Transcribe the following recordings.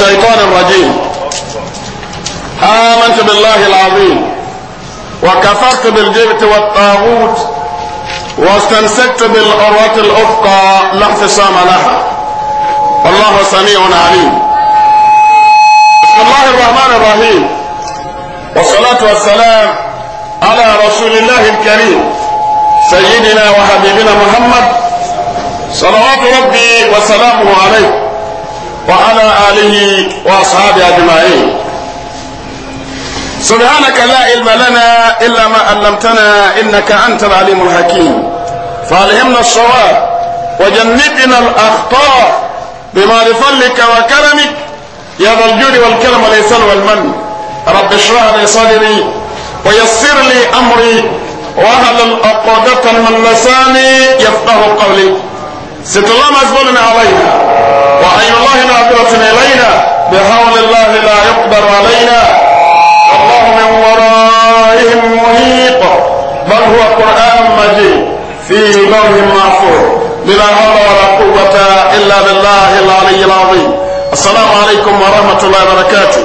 الشيطان الرجيم آمنت بالله العظيم وكفرت بالجبت والطاغوت واستمسكت بالعروة الأفقى لا اختصام لها والله سميع عليم بسم الله الرحمن الرحيم والصلاة والسلام على رسول الله الكريم سيدنا وحبيبنا محمد صلوات ربي وسلامه عليه وعلى آله وأصحابه أجمعين سبحانك لا علم لنا إلا ما علمتنا إنك أنت العليم الحكيم فعلمنا الصواب وجنبنا الأخطاء بما لفلك وكرمك يا ذا الجود والكرم والإحسان والمن رب اشرح لي صدري ويسر لي أمري وأهل عقدة من لساني يفقه قولي ست الله عليها وأي الله ناظرة إلينا بحول الله لا يقدر علينا الله من ورائهم محيط بل هو قرآن مجيد في لوح محفوظ بلا حول ولا قوة إلا بالله العلي العظيم السلام عليكم ورحمة الله وبركاته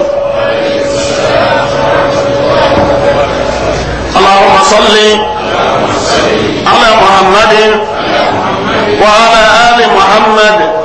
اللهم صل على محمد وعلى آل محمد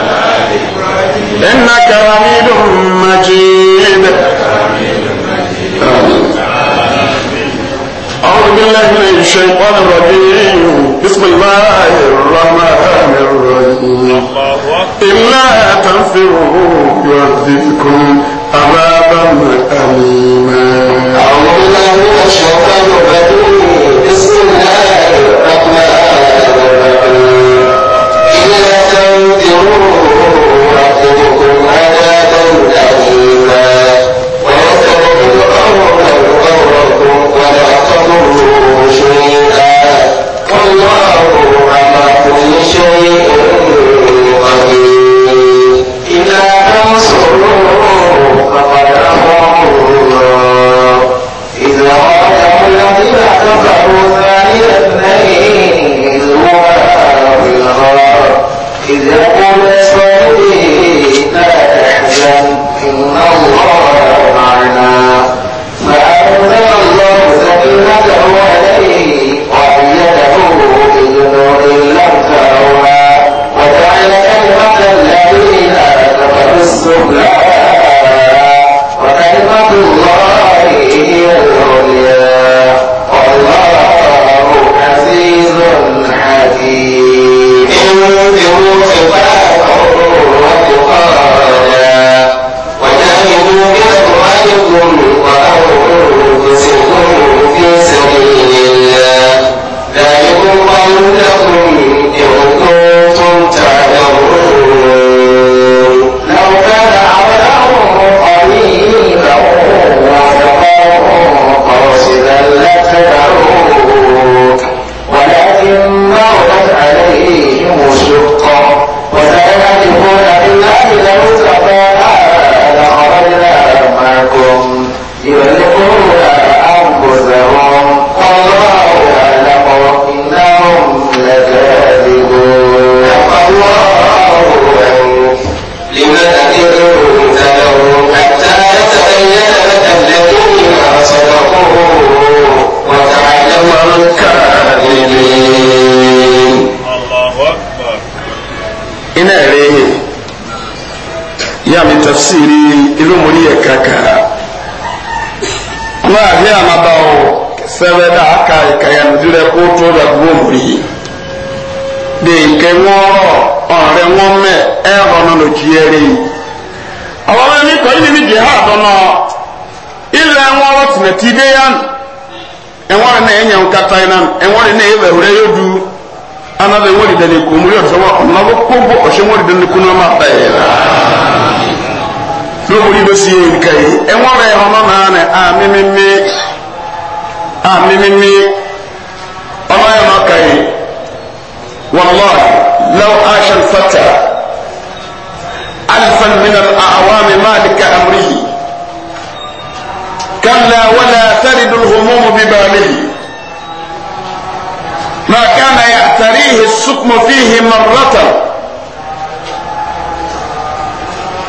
إنك حميد مجيد أعوذ بالله من الشيطان الرجيم بسم الله الرحمن الرحيم إلا تنفروا يعذبكم عذابا أليما أعوذ بالله من الشيطان الرجيم بسم الله الرحمن الرحيم إلا تنفروا السموم بباله ما كان يعتريه السقم فيه مرة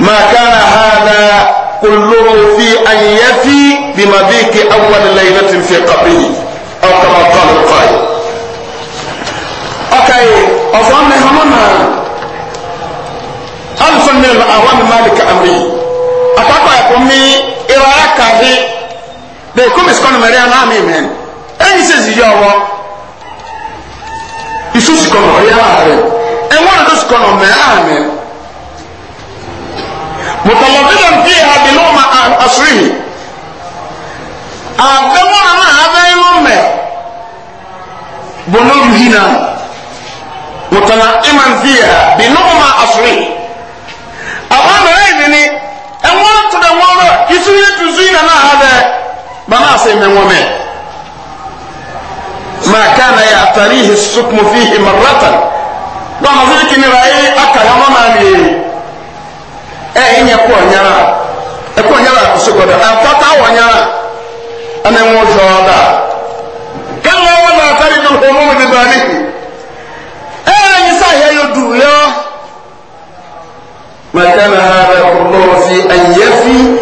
ما كان هذا كله في أن يفي بمبيك أول ليلة في قبره أو كما قال القائل أكاي أظن همنا ألف من أوان مالك أمري أتاكا يقومي إراكا هي de komi sikɔni mɛri ana ami mɛ ɛyin sɛ ziyi ɔwɔ isu sikɔni ɔya ari ɛwɔn do sikɔni mɛ ami mutalɔbila bi ha bi n'o ma asiri abɛwɔ ama abɛyi n'o mɛ bɔnɔ yuhi na mutala ima bi ha bi n'o ma asiri àwọn mɛrɛ yìí ni ɛwɔn tó dɛ wɔn lɔ isu yɛ tuzu yìí nana ha dɛ. بما سيمن ومن ما كان يعتريه السكم فيه مرة وما ذلك نرأي أكا وما مي أي إن يكون نرى يكون نرى السكم أفتح ونرى أنا موجودة كلا ولا ترد الهموم بباله أنا نساء يدو يا ما كان هذا كله في أن يفي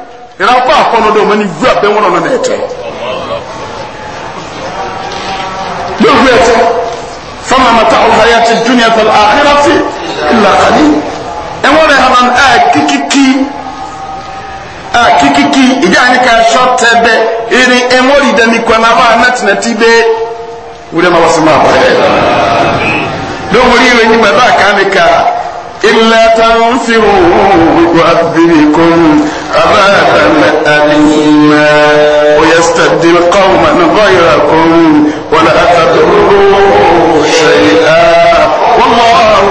ìrà ọkọ àkọlọdọ ọmọ ni vu abẹ wọn ọlọmọ ẹtẹ yóò vu ẹtẹ fama mata ọhaya ti dunia fẹ ahira ti lakali ẹwọn rẹ hàn á kíkíkí á kíkíkí ìdí àyíká ẹṣọ tẹbẹ eré ẹwọn rí dání kwana hó anatinati bẹ wúdẹ máa wá sí máa bọ ẹ lóhùn rí ìwé nígbà bá a kàn mí ká ilẹ̀ tán ń fi hùwù wíwá bíbí kọ́ ọ́n. عذابا أليما ويستبدل قوما غيركم ولا تضروه شيئا والله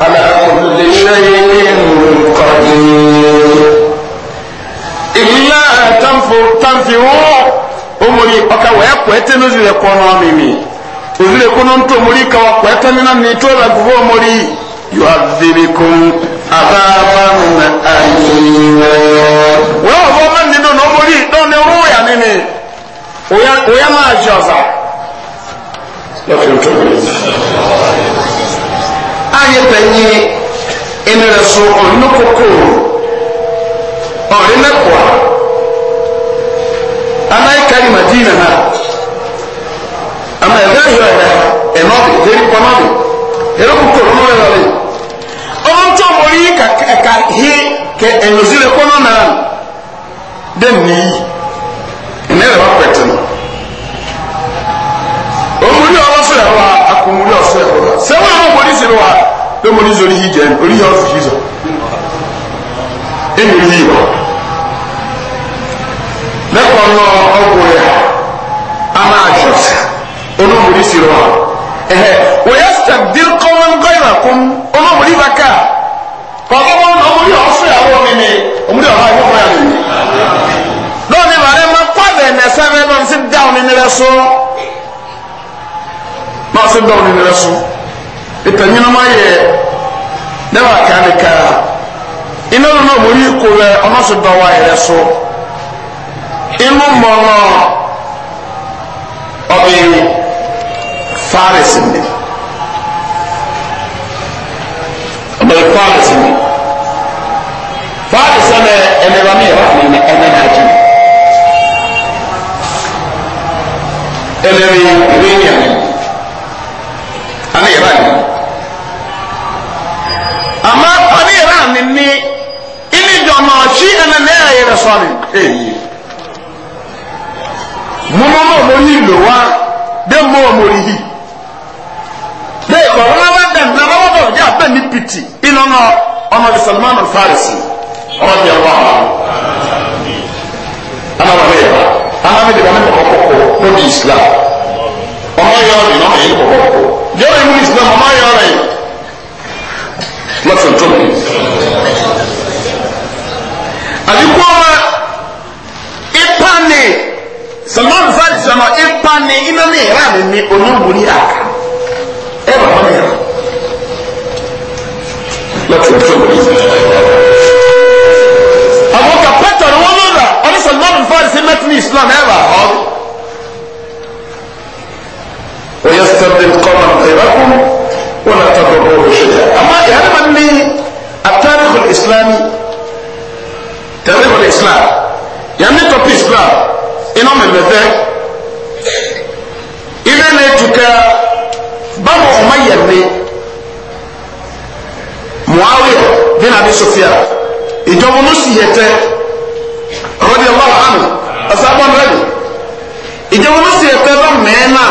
على كل شيء قدير إلا تنفروا أمري أكوى أكوى نزل قنامي uzile kuno mtu omuli kawakwata nina nitwera kuva omuli yuadhibikum عذابا أليما وهو من دون أمري دون رؤيا مني ويا ويا ما أجازا ayé pẹ̀lú ìnirẹ̀sọ ọ̀rínú kókó ọ̀rínú ẹ̀kọ́ anáyíkárí madina náà àmà ẹ̀dá yọ ẹ̀dá ẹ̀nọ́bì ẹ̀rí pọ́nọ́bì ẹ̀rọ kókó ọ̀rínú ẹ̀rọ rẹ̀. ke elozire kono na den ni ne le wakwete no omuri ọwọ sọ ẹ wa akomuri ọsọ ẹ wa sẹ wọn àwọn omuri ziri wa pé omuri zori yi jẹ orí yẹ ọsọ yizọ ẹni yi wọ lẹkọọ nọ ọgwụ ya ama ajọ ọnụ omuri ziri wa ẹhẹ wọ́n yẹ sẹ́m dín kọ́ńgọ́ ìràkùn ọnụ omuri bàkà ọgọ́gbọ́n na omuri ọsọ awo mimi omuli ɔha yi wɔn yɛ mi lóni ba ne ma kɔ bɛ nɛsɛ bɛ ma se daw ni nɛrɛ so ma se daw ni nɛrɛ so ìtàn nyinama yɛ ne b'a kan ne ka iná ló náà wòye kó lɛ ɔmá so dɔn wa yɛrɛ so inú mɔnɔ ɔbɛ faris ni ɔbɛ faris ni baali sɛmɛ ɛnɛba mi yɛrɛ fana mɛ ɛnɛ n'a jɛ ɛnɛbi ebi nyɛ ani yɛrɛ ani ama ani yɛrɛ ani ni ini jɔnna ɔsi ɛnɛ ne yɛrɛ yɛrɛ sɔɔni eyi munu ma mo yi lo wa de mo mo yi de kɔrɔ n'a bɛ dɛm n'a bɛ wɔtɔ ja bɛ ni piti inɔnɔ ɔnɔ bi salman alfarisi ọmọ ti ẹ̀kọ́ àwọn anáwó ẹ̀yẹ wa anáwó ẹ̀dẹ̀ wọn kọ̀kọ́ kọ̀kọ́ lórí islam ọmọ yọ ọ̀rẹ́ náà ẹ̀yẹ kọ̀kọ́ kọ̀kọ́ jẹ́rọ ìmú islam ọmọ yọ ọ̀rẹ́ lọ́sọ̀ tó mi. àdìgbò wa ipa ni salman fadi sọ̀nà ipa ni iná ní ìran ni oníwòrí àká ẹ̀rọ ọmọ yẹn lọ́sọ̀ tó mi. threaten Islam ever or ويستبدل قوما غيركم ولا تضروه شيئا اما يعني من التاريخ الاسلامي تاريخ الاسلام يعني توبي اسلام انهم المثال اذا نتوكا بابا اميه muawiya bin abi sufyan ìjọba olóṣìyẹtẹ rọdí ọlọrọ àmì asaba mẹ́rin ìjọba mi sì ẹ̀fẹ́ bá mẹ́rin náà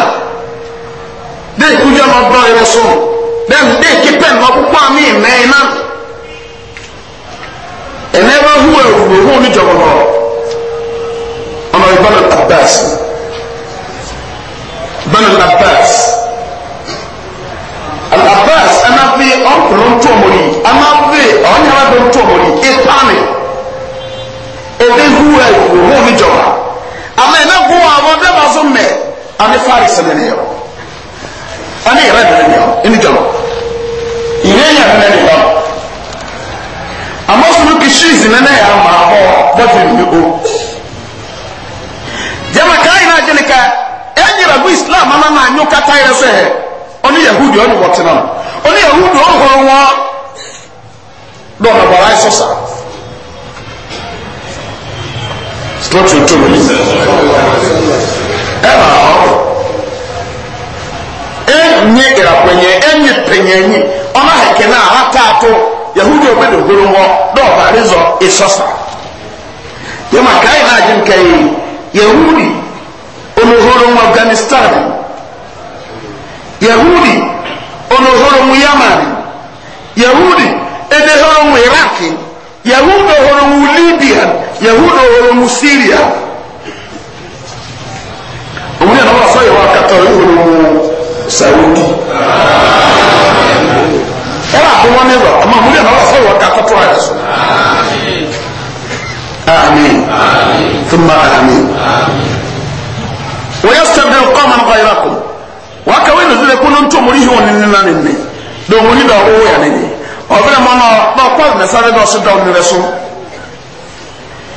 dé ìkújú ọmọ bá ẹrẹ sùn bẹ́ẹ̀ dé ìkípẹ́ mọ́ púpọ̀ àmì mẹ́rin náà ẹ̀mẹ́ bá hu ẹ̀rù òhun oníjọba náà ọmọ ìbánu abbas bánu abbas abbas ẹ̀ máa fi ọ̀nkùnrin tó ọmọ yìí ẹ̀ máa fi ọ̀nyàrá ebe hu a ohun mi jɔ ama ɛna gu a na dɛ ba so mɛ ani fari sɛnɛ ne yɛrɛ ani yɛrɛ bɛrɛ ne ɛni jɔ ma yɛrɛ yɛrɛ bɛrɛ ama kisi zinɛ ne ma hɔ bɔtɔ mi o jama kaa yi na jeli ka ɛnyɛrɛ bu islam ana na anyo kata yɛ sɛ yahudi wɔtena yahudi wɔn na lọ́tún tó wọlé ẹ máa ọ ẹ nye ìràpẹ̀yẹ ẹ nye pẹ̀yẹ̀yìn ọmọ hẹ̀kẹ́ náà àtàtò yahudi ọbẹ̀ dògbòrò wọ dọ́ọ̀bà rẹzọ ìsọ̀sà yẹ máa ká yìí náà jẹ́ nkà yìí yahudi olùhóró wọn afghanistan yahudi olùhóró wọn yamani yahudi edehóró wọn iraki. yahuda horo mu yahuda horo mu syria omulya nabo basoye wakata yohoro mu saudi era akubonebwa ama mulya nabo basoye wakata twayaso آمين ثم آمين ويستبدل قوما غيركم وكوين ذلك كنتم مريهم من النار دون مريد أوه يعني ɔbɛrɛ mɔ no ɔkɔ mɛsare dɛ ɔso dɔm nerɛ so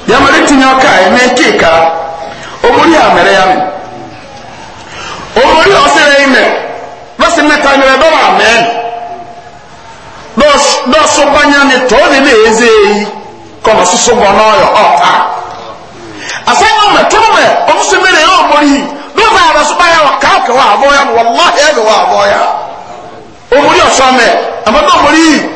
yɛmɛre tinya kae ne keeka ɔmɔri a mɛrɛ ya me ɔmɔri a ɔsɛrɛ yi mɛ bɛsɛ mɛta nerɛ dɔm amɛn dɔɔso banya ne tɔɔ ne ne ɛze yi kɔnɔ soso bɔ na ɔyɔ ɔta asɛn yɛ mɛ tɔn mɛ ɔmuso mɛrɛ yɛ ɔmɔri yi dɔɔ a abɛso baya wa kaa kɛ wa abɔya no wɔlɔhi ɛbɛ wa abɔya ɔmɔri ɔsɔ mɛ amadu ɔmɔri yi.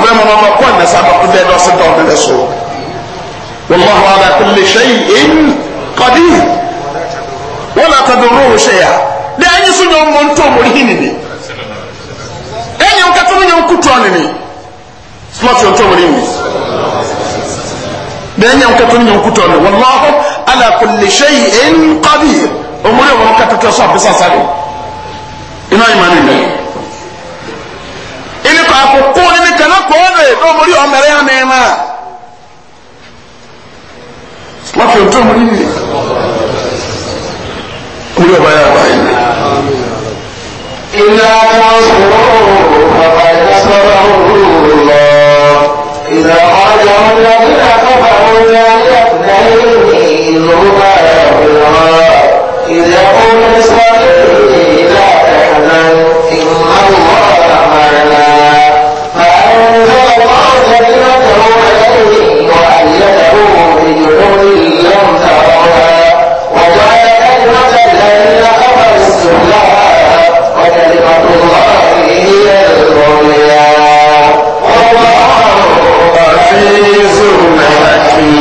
ɔbɛrima no ɔmakɔ nnɛsɛ abako dɛ dɛ ɔsɛ dɛ ɔde dɛ so wallahu ala kulli shay'in qadir wala tadurruhu shay'a dɛ anyi so nyɛ ɔmmɔ ntɔ ɔmɔre hi nini ɛnyɛ nkata no nyɛ nkutoɔ nini slɔtɔ ntɔ ɔmɔre hi dɛ ɛnyɛ nkata no nyɛ nkutoɔ nini wallahu ala kulli shay'in qadir ɔmɔre wɔn katata so apesa sáré ina imani kana kɔɔre na ɔmori ɔmɛrɛ ya nɛɛma wafi o tó mori ni wúlò bá yà wá yìí. ilé àwọn sọ̀rọ̀ bàbá yà sọ̀rọ̀ lọ ìlà ọjà ọjà ní àkọ́kọ́ ọjà ní àkùnrin ìlú bá.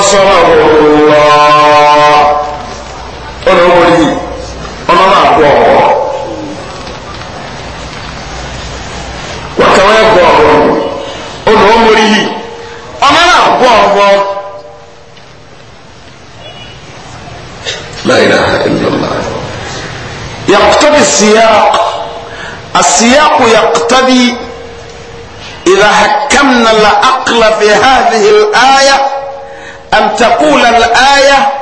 نصره الله ọ̀nà wọlé انا náà kọ́ وكما wọ́kàwé kọ́ ọ̀wọ́ انا wọlé ọ̀nà لا إله إلا الله يقتضي السياق السياق يقتضي إذا حكمنا العقل في هذه الآية أن تقول الآية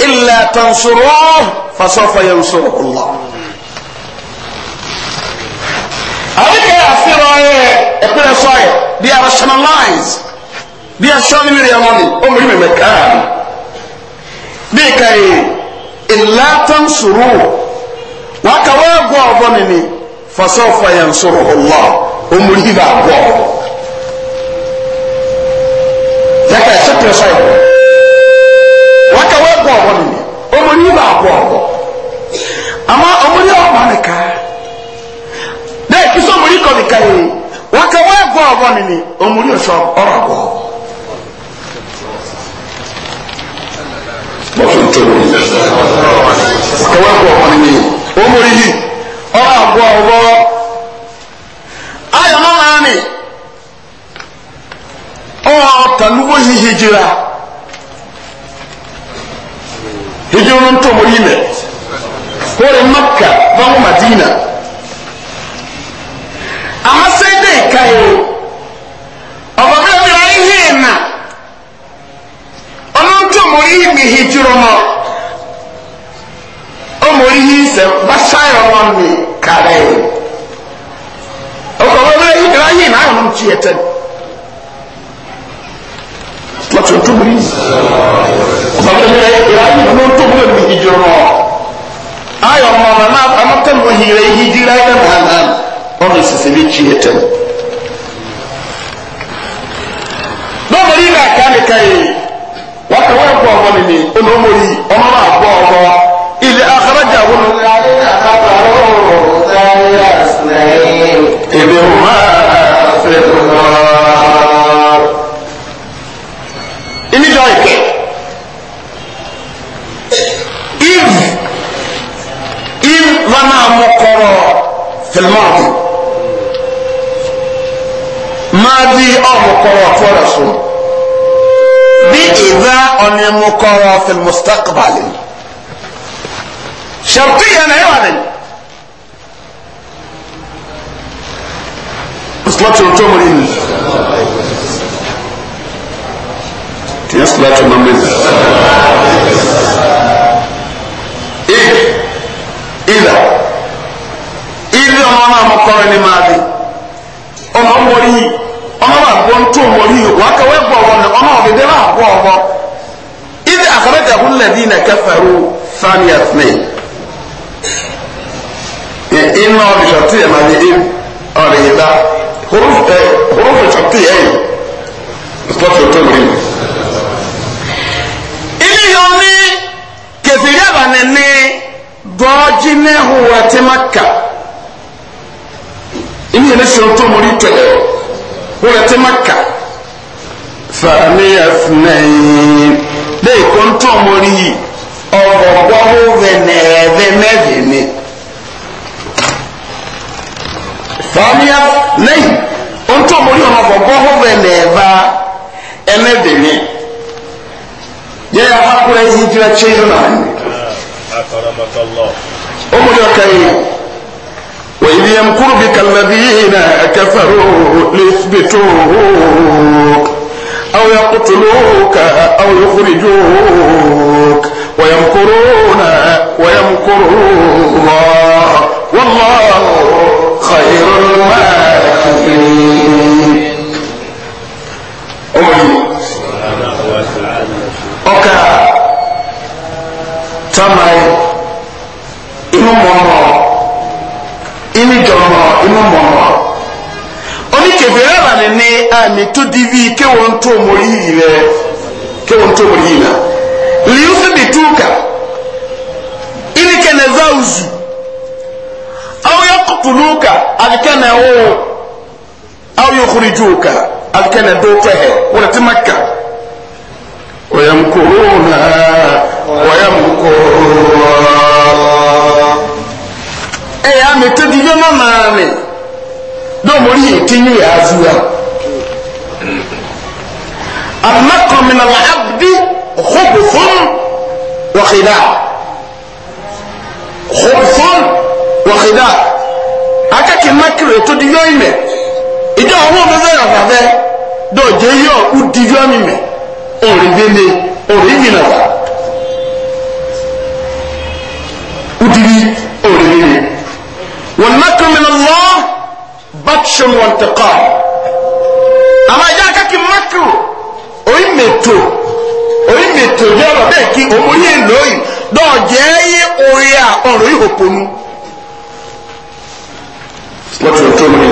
إلا تنصروه فسوف ينصره الله أبيك يا أفراء أقول صاير they are rationalized they are showing me money من مكان بيك إلا تنصروه وكواغوا ظنني فسوف ينصره الله ọbẹ̀ ṣètò sọ̀rọ̀ wọ́n kà wọ́n bọ̀ ọ̀bọ̀ nìyẹn ọmọ ní bá bọ̀ ọ̀bọ̀ àmọ́ ọmọ ní ọ̀bọ̀ nìka dẹ́ kí sọ ọmọ ní kọ̀ nìka yìí wọ́n kà wọ́n bọ̀ ọ̀bọ̀ nìyẹn ọmọ ní ọ̀ṣọ́ ọ̀rọ̀ bọ̀ ọ̀bọ̀ ọmọ ní ọ̀bọ̀ ọ̀ọ̀tàlú wọ́n ṣe hijira hijirun tó mo yí mẹ́ kóre maka báwọn madina àmọ́ sẹ́dẹ̀ ìka yìí ọ̀bà bẹ́ẹ̀ bí wọ́n yí ẹ̀nà ọ̀nà tó mo yí mi hijirun náà ọmọ yí sẹ́ bá ṣáyọ̀ wọn mi kàrẹ́ yìí ọ̀bà bẹ́ẹ̀ yí ẹ̀nà yìí náà yọ̀ ní tiẹ̀ tẹ́lẹ̀ bàtú ntúmùrì ọ̀sàmùtẹ́lẹ̀ ìráyè ló ń tóbi lóbi ìjọ náà ayọ̀ ọmọ ọmọ náà amọ̀tẹ́lẹ̀ òhìrẹ́ yìí di ráyè náà náà ọ̀nà ìsìsì bí kyi ẹ̀tẹ̀ mu. dọ́ọ̀mù yìí náà ká nìka yìí wọ́n kà wọ́n bọ̀ ọmọ nìyí ọmọ ọmọ yìí ọmọ náà bọ̀ ọmọ ilé akarajà wọn. ìbí wọn máa. المستقبل شرطيا ايضا اصلاة الجمر تي اصلاة النمر إيه إذا إذا أنا مقارن ماذي أنا أموري أنا أقول أنتم أموري وأكوي بوانا أنا أبدي لا أقوى والذين كفروا ثاني اثنين إن هو بشرطية ما بإن أريه لا حروف حروف شرطية أي مصطفى التمرين إلي يومي كثير بنني دوجنه هو تمكة إني نشرط مريتة هو تمكة ثاني اثنين dee kɔntɔn mori yi ɔbɔbɔho venevemevene fɔmia nei kɔntɔn mori yi ɔbɔbɔho veneva ɛnɛvene yɛ yɛ hakura yi hijira kyeyɛ naani ɔmori ɔka yi وإذ يمكر بك الذين كفروا ليثبتوك أو يقتلوك أو يخرجوك ويمكرون ويمكر الله والله خير الماكرين أمي أوكا تمام إنه مرة إنه جمع إنه مرة oni àbàní ní àmì tó di bí kéwọn tó mọrí yìí rẹ kéwọn tó mọrí yìí náà lìyó fi bì túkà ìníkẹ́ nẹ́zá òzù àwọn yà kótó lóka àdìkẹ́ nà ini ya zuwa annaka min al-abdi khubthun wa khida' khubthun wa khida' aka ki makire to di yoime ijo owo mo ze rafa be do je yo u di yo mi me ori bele ori mi wa udiri ori bele wannan جش وانتقام أما جاك مكر أي متو أي متو يا ربك أمي لوي دعي أويا أروي هبونو láti ọjọ́ mi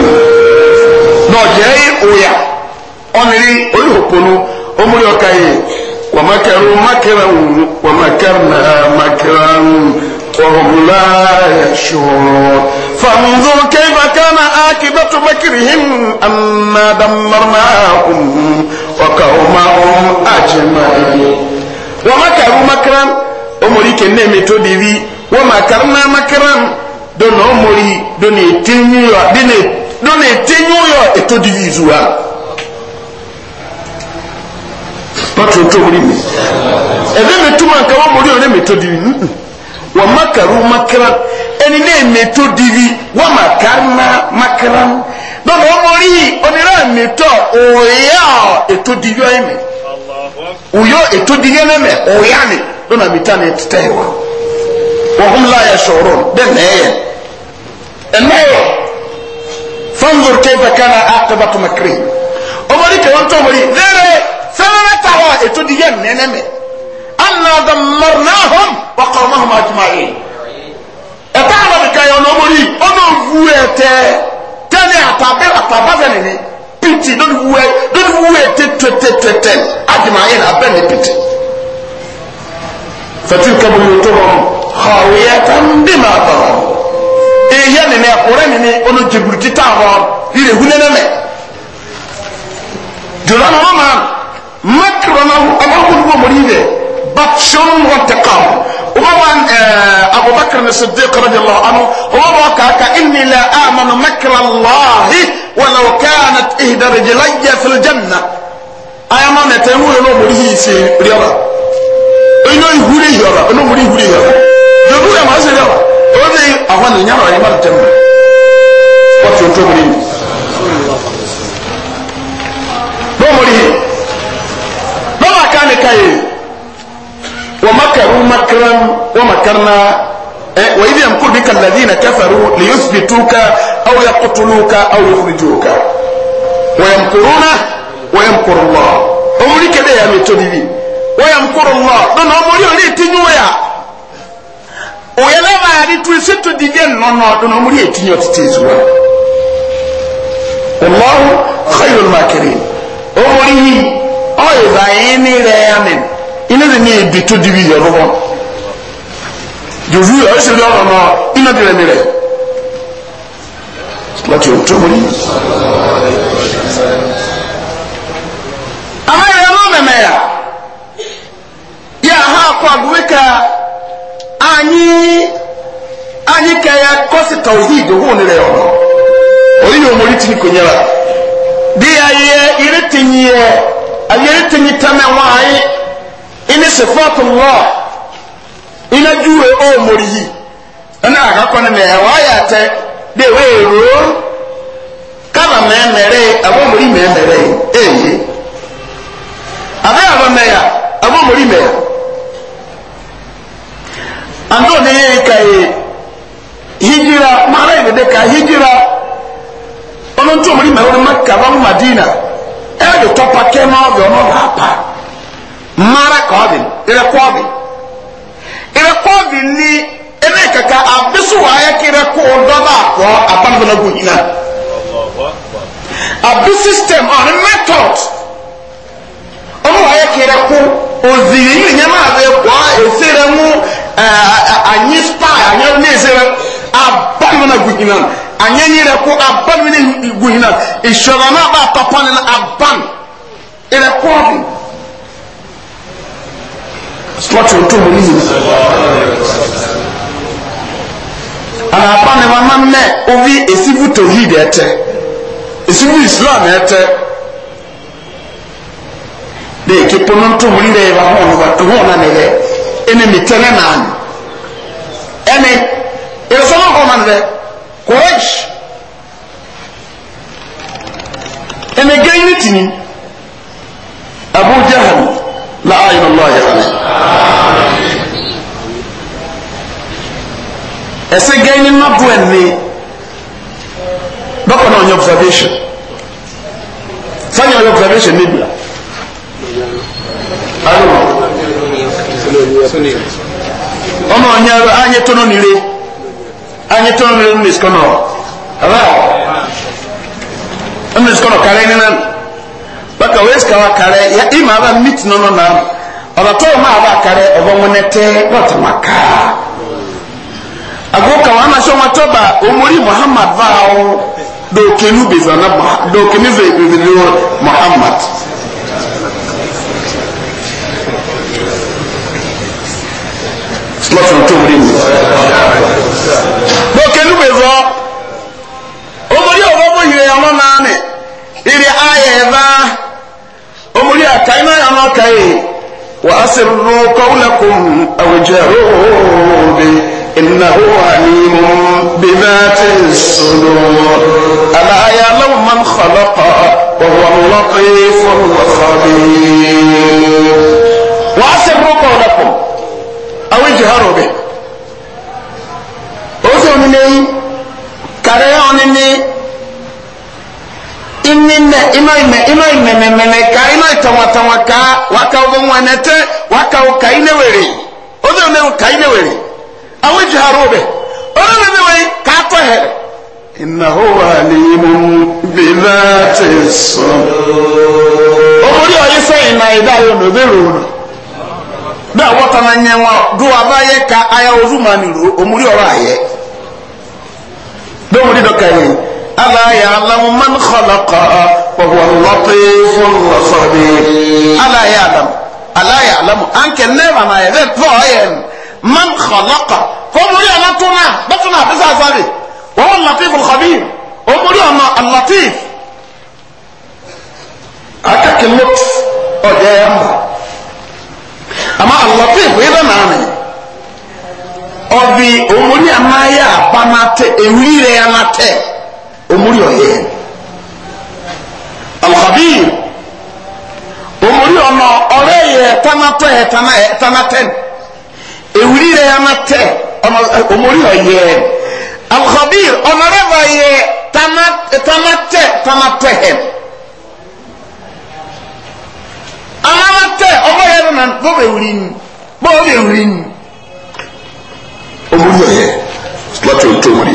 náà jẹ́ òyà ọ̀nìrí olùkùnú ọmọdé ọ̀ka yìí wà má kẹrù má kẹrù òwú wà má kẹrù náà má kẹrù àrùn ọ̀rùn láàyè ṣòro. فانظر كيف كان عاقبة مكرهم أنا دمرناهم وقومهم أجمعين ومكروا مكرا أمري كنمي تدري ومكرنا مكرا دون أمري دون يتنيو دون يتنيو يتدري زوا Not to tell me. And then the two man come on, wa makaru makaran ẹni náà mẹtọ dìbí wọn makarna makaran dọ́nà wọn mọ̀rí onírà mẹtọ òòyà ètò dìbí ọ̀yẹ́ mi òyò ètò dìbí ọ̀yẹ́ mi òòyà mi dọ́nà mẹta ni títẹ̀ wá wọ́n hún láyà sọ̀rọ̀ bẹ́ẹ̀ náà yẹ ẹ̀nà yẹ fanzur kẹfẹ kana akabatu makiri ọmọdé kẹwọn tó ọmọdé lẹ́rẹ̀ fẹ́rẹ́ tàwa ètò dìbí ọ̀yẹ́ mi nẹ́nẹ́mẹ́. أنا دمرناهم وقومهم أجمعين أتعلم كي ينمري أنا فويته تاني أتابع أتابع بطش وانتقام ومن آه، أبو بكر الصديق رضي الله عنه ومن كاكا إني لا آمن مكر الله ولو كانت إحدى رجلي في الجنة أيما نتمول نمره في رياضة إنه يهوري يرى إنه مري يهوري يرى جدو يا مازي يرى أودي أهوان ينرى يمال الجنة وتنتمرين مري نمره كان كاين ومكروا مكرا ومكرنا وإذ يمكر بك الذين كفروا ليثبتوك أو يقتلوك أو يخرجوك ويمكرون ويمكر الله أمري كده يا متولي ويمكر الله أنا أمري أولي تنويا ويلما يعني تويسيتو ديجين نونو أنا أمري تنيو تتيزوا الله خير الماكرين أمري أي ذايني ريامين ina de ne de to dibi ya robo de vu ya se da no ina de ne re lati o to mori ama ya no me ya ya ha kwa gweka anyi anyi ka ya kosi tawhid ho ne re ono ori no mori tin ko nyara de aye ire tinye aye tinye tamewa aye ini sifatu llah ina juwe o morihi ana aka kwana me wa ya te de we ro kama me mere abo mori me mere eye abe abo me ya abo mori me ando ne kai e, hijira mara de ka hijira ono nto mori me wo makka ba madina e de topa kema obi ono ba pa mmara ka ọ dị ịrịkwa ọ dị ịrịkwa ọ dị ni ebe kaka abisu wa ya kiri kụ dọba akọ abanbana gu nyina abi system ọ ni method ọmụ wa ya kiri kụ ozi yi nyama a abụ ekwa esere mụ eh, anyị spa anyi na esere abanbana gu nyina anyị ni yɛrɛ kɔ abanbana gu nyina esɔrɔ n'a b'a apapa na aban ịrịkwa ọ dị. slọtì otu mu n'ihi anapa ne ma nam nɛ ovi esivu tohid ɛtɛ esivu islam ɛtɛ de ekepo no ntomu ni dɛ ɛba hɔn na ne dɛ ɛna mi tɛ ne naani. ne sikɔnɔ ala ɔn ne sikɔnɔ baka o esika wa kare ya ima aba mit no na ɔba tɔ ma aba kare ɔbɔ ŋmɛnɛ tɛ wɔtɔ ma kaa agoka wa ama sɛ wɔn atɔ ba omori muhammad ẹ̀ẹ́bá omori àtàyìmá àwọn ọ̀tàyè wà á sì rú kọ́wùlẹ́kùn àwùjọ òòbí ìnáwó ànímú bíbá ti sọ̀rọ̀ aláya lọ́wọ́ máa ń xọlọ́kọ̀ wọ̀wọ̀ lọ́kọ̀ fọlọ́kọ̀ bí. wà á sì rú kọ́wùlẹ́kùn àwùjọ òòbí ó sì ime imime inoime inoimemememe ka inoitanwatanwa ka waka obonwanete waka ka inewere odomewu ka inewere awejuharube odomewe ka atohere innahu alimun bidhati sudur omori oyi sẹyin na ida ayo na obere ono bẹẹ wọta na nyẹ wọn do abayẹ ka aya ozumani ro omori ọrọ ayẹ bẹẹ wọn di dọkari. ألا يعلم من خلق وهو اللطيف الخبير ألا يعلم ألا يعلم أنك نبع ما يبيت من خلق فمولي أنا تونا بطنا بس أزالي وهو اللطيف الخبير ومولي أنا اللطيف أكاك اللطف أجي أما أما اللطيف إذا نعني أبي أمولي أما يا بناتي أولي رياناتي omori ɔyɛ alhabir omori ɔnɔ ɔrɛ yɛ tanatɔ yɛ tana yɛ tanatɛn ewuri yɛ yanatɛ ɔnɔ omori ɔyɛ alhabir ɔnɔrɛba yɛ tana tanatɛ tanatɛ hɛ anatɛ ɔbɛ yɛ nana bɔbɛ ewuri ni bɔbɛ ewuri ni omori ɔyɛ lɔtɔ ntɔmori.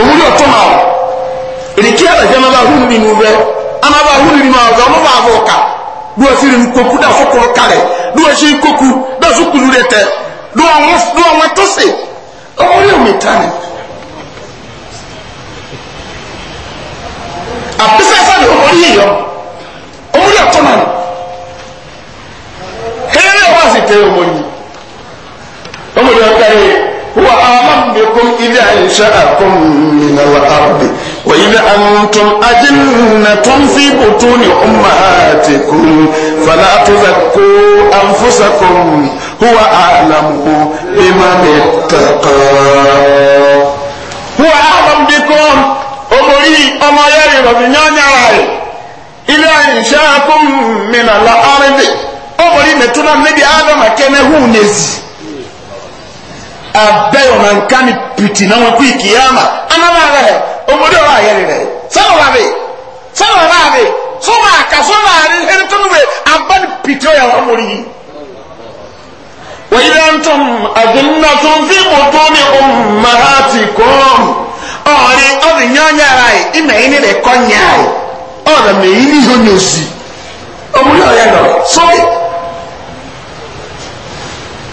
omuli otomawo elikiyala janaba ahuliri nuve anaba ahuliri mawaza omuba avuuka duwasiri nkoku dafuku kale duwasi nkoku dasukuzulete duwamwetosi omuli omitane apisasani omuli eyo omuli otomawo hele waziteyo omuli omuli otaye أعلم بكم إذا أنشأكم من الأرض وإذا أنتم أجنة في بطون أمهاتكم فلا تزكوا أنفسكم هو أعلم بمن اتقى هو أعلم بكم أمري أما يري وبنيان يري إذا أنشأكم من الأرض أمري نتنا نبي آدم كنه نزي abẹ́yọ̀ na nka na pìtì náà wọn kú ìkìyàmà anábà rẹ̀ ọmọdé ọ̀rọ̀ àyẹ̀rẹ̀ rẹ̀ sáwọ̀rọ̀ àbẹ̀ sáwọ̀rọ̀ àbẹ̀ sọ́wọ́ àkàsọ́wọ́ àrẹ̀ ẹni tó nùwẹ̀ abẹ́ ni pìtì fi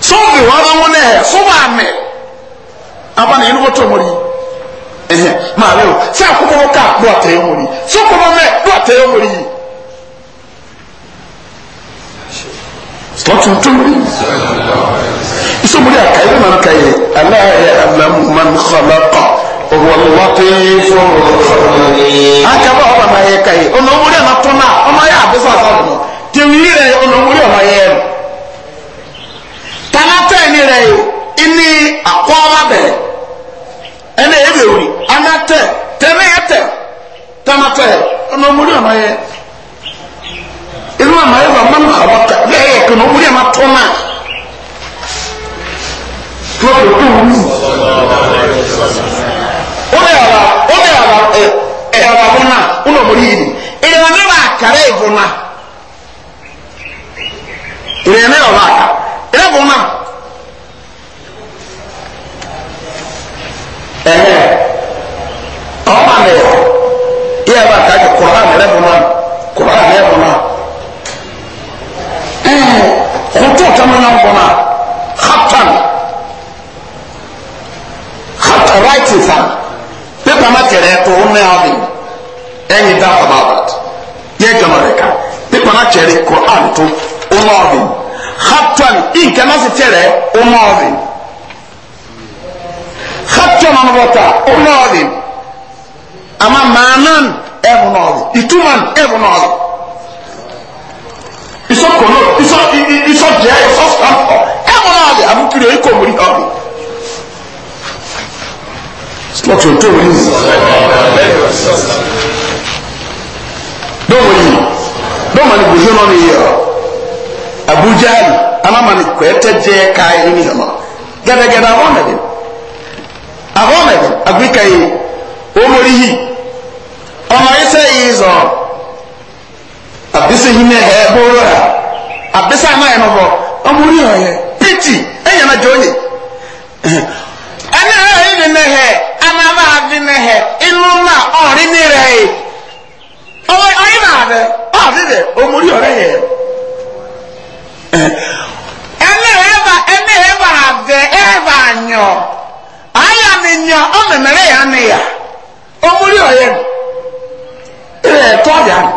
sọ́ọ̀bì wà bá wọn náà fún wa mẹ́ abana yìí ló bọ́ tó wọn yìí ẹ̀hẹ̀ máa rẹ o sí àkókò ká ló àtẹ̀yẹ wọn yìí sọ́kòmọ́ mẹ́ ló àtẹ̀yẹ wọn yìí sọ́tún tó wọn yìí ìsọmọdé àkàyè máa ń kàyè aláàyè alámúmanukọ̀lọ́kọ̀ òwòlọ́tẹ́fọ́ akaba ọba máa yẹ kàyè ọ̀nà òwúrẹ́ náà tó náà ọmọ ayé àbúfà sábà tẹ̀wé rẹ̀ ọ̀nà òwúrẹ́ ọmọ ayé rẹ̀ rẹ̀ ìní àkọ́wá bẹ̀rẹ̀ ẹnna ebe wuli anatɛ tɛmɛ yɛ tɛ tamatɛ ɔnà omori ama yɛ inú ama yɛ wà mamu kaba ka bɛ yɛ kò nà omori ama tó ma tó o tó o mu o de ala o de ala ɛ ɛ ala ho na o na omori yi ni ìrìnà mi wà kàrẹ́ ìbò ìrìnà mi wà kàrẹ́ ìbò ɛhɛ ɔma mi yɛ yɛ ba ka kɛ kura mi lɛ boma kura mi lɛ boma ɛɛ kutu tɛmɛ na boma hatan hatan raiti fan ne ba ma tɛrɛ to o mɛ ɔbi ɛnyi da kɔba ba yɛ jama de kan ne ba ma tɛrɛ kura to o mɛ ɔbi hatan in kana se tɛrɛ o hatɔ na nobɔta ɔnɔɔde ama maanan ɛho nɔɔde ituman ɛho nɔɔde isɔ kono isɔ isɔ jɛɛ isɔ sanfɔ ɛho nɔɔde amukiri oyi kɔmori ɔde sɔtɔ tó wòye mu dɔw wòye dɔw ma ni bozo nɔ ni yɛ abuja yi ana ma ni kɔɛ tɛ jɛ kaa yi ahmed agbikaye omorihi ọmọ ẹsẹ yìí zọ abisa yìí mẹ ẹ bọrọ ha abisa náà yẹn bọ ọmọrí ọyẹ pétì ẹyẹ náà jọ yẹ ẹnna ẹyẹ bi nẹ hẹ anaba bi nẹ hẹ inú náà ọrí ní rẹ yìí ọwọ ọyẹ náà rẹ ọrí rẹ ọmọrí ọrẹ yẹ ẹnna ẹyẹ bá ẹnna ẹyẹ bá abẹ ẹyẹ bá nyọ ayọ ni nya ɔmɛmɛrɛ yɛ ani ya ɔmuli ɔyɛ ɛɛ tɔɔbi ani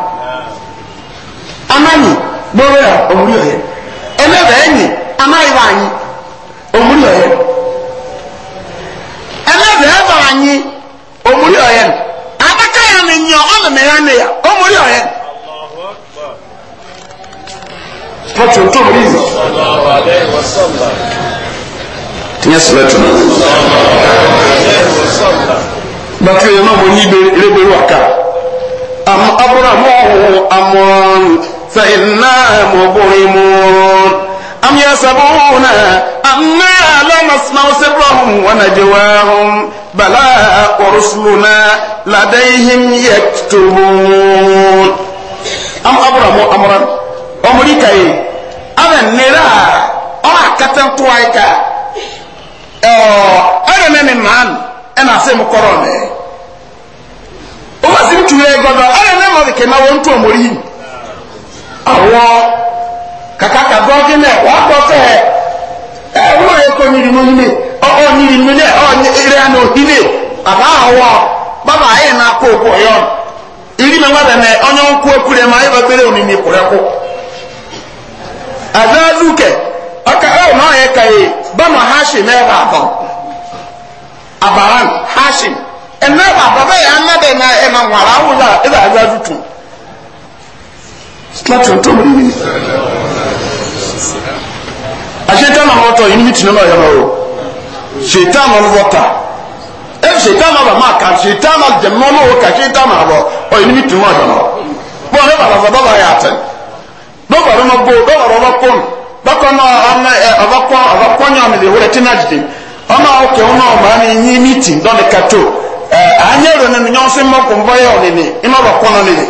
amani gbɔwɛ a ɔmuli ɔyɛ ɛmɛbɛ ɛnyi amayi wa anyi ɔmuli ɔyɛ ɛmɛbɛ ɛbɛ anyi ɔmuli ɔyɛ abaka yɛ ni nya ɔmɛmɛrɛ ani ya ɔmuli ɔyɛ pɔtɔ ntɔmɔ yi tiɲɛ sɛbɛ tuma bàtí yẹn náà mo ní ìrẹ́bẹ̀rẹ̀ wà ká amúramọ́hùn amúran fẹ̀yìn náà mo bórin mú am yasabuna anna la nasma'u sirrahum wa najwahum bala rusuluna ladayhim yaktubun am abramu amran omri kai ana nira ona katan tuaika eh ana nani man ɛna ase mu kɔrɔ mɛ ɔba si mu tuure gɔdɔ ɛna ne ma kɛmɛ wɔn tu ɔmɔri yi awɔ kaka ka gɔdɔ nɛ wakɔ fɛ ɛ wúlò yɛ kɔ nyiri mu nyiri ɔ nyiri mu nɛ ɔ nyiri hinɛ awɔ baba ayɛ na kó kó yɔ iri mɛ ɔnyɛ ma ayɛ mi lukɛ ɔka yɛ ka oh, e, bama ha si mɛ ba abaran hashim ɛnna baba bɛyɛ anadɛ na ɛna e nwara ɛna e na ɔtɔ yi nimi tunu na ɔyɛ n'oro hyɛtɛ na ɔbɔ ta ɛn e, hyɛtɛ na ɔbɔ maa ka na na ɔwɔ ka ɔbɔ ɔyɛ nimi tunu ɔyɛ n'oro bɔn ne baba baba yɛ atɛ dɔbɔ ɔbɛ bo dɔbɔ ɔbɛ kɔn dɔkɔ na ɔbɛ kɔn ɔbɛ kɔn ɔmɛ de ọmọ ọkẹ ọmọ ọmọ mi nyi miti dọni kato ẹ anyẹ ronú ni nyọ sẹ mọkò mbọ yẹ ọnini iná bọ kọnọ nini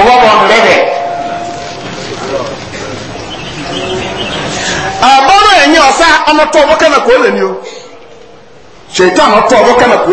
ọwọ bọ ọmọ rẹ dẹ. àbọ̀rọ̀ ẹ̀yìn ọ̀sá ọmọ tó ọbọ̀ kánà kó lè ní o ṣètò àwọn tó ọbọ̀ kánà kó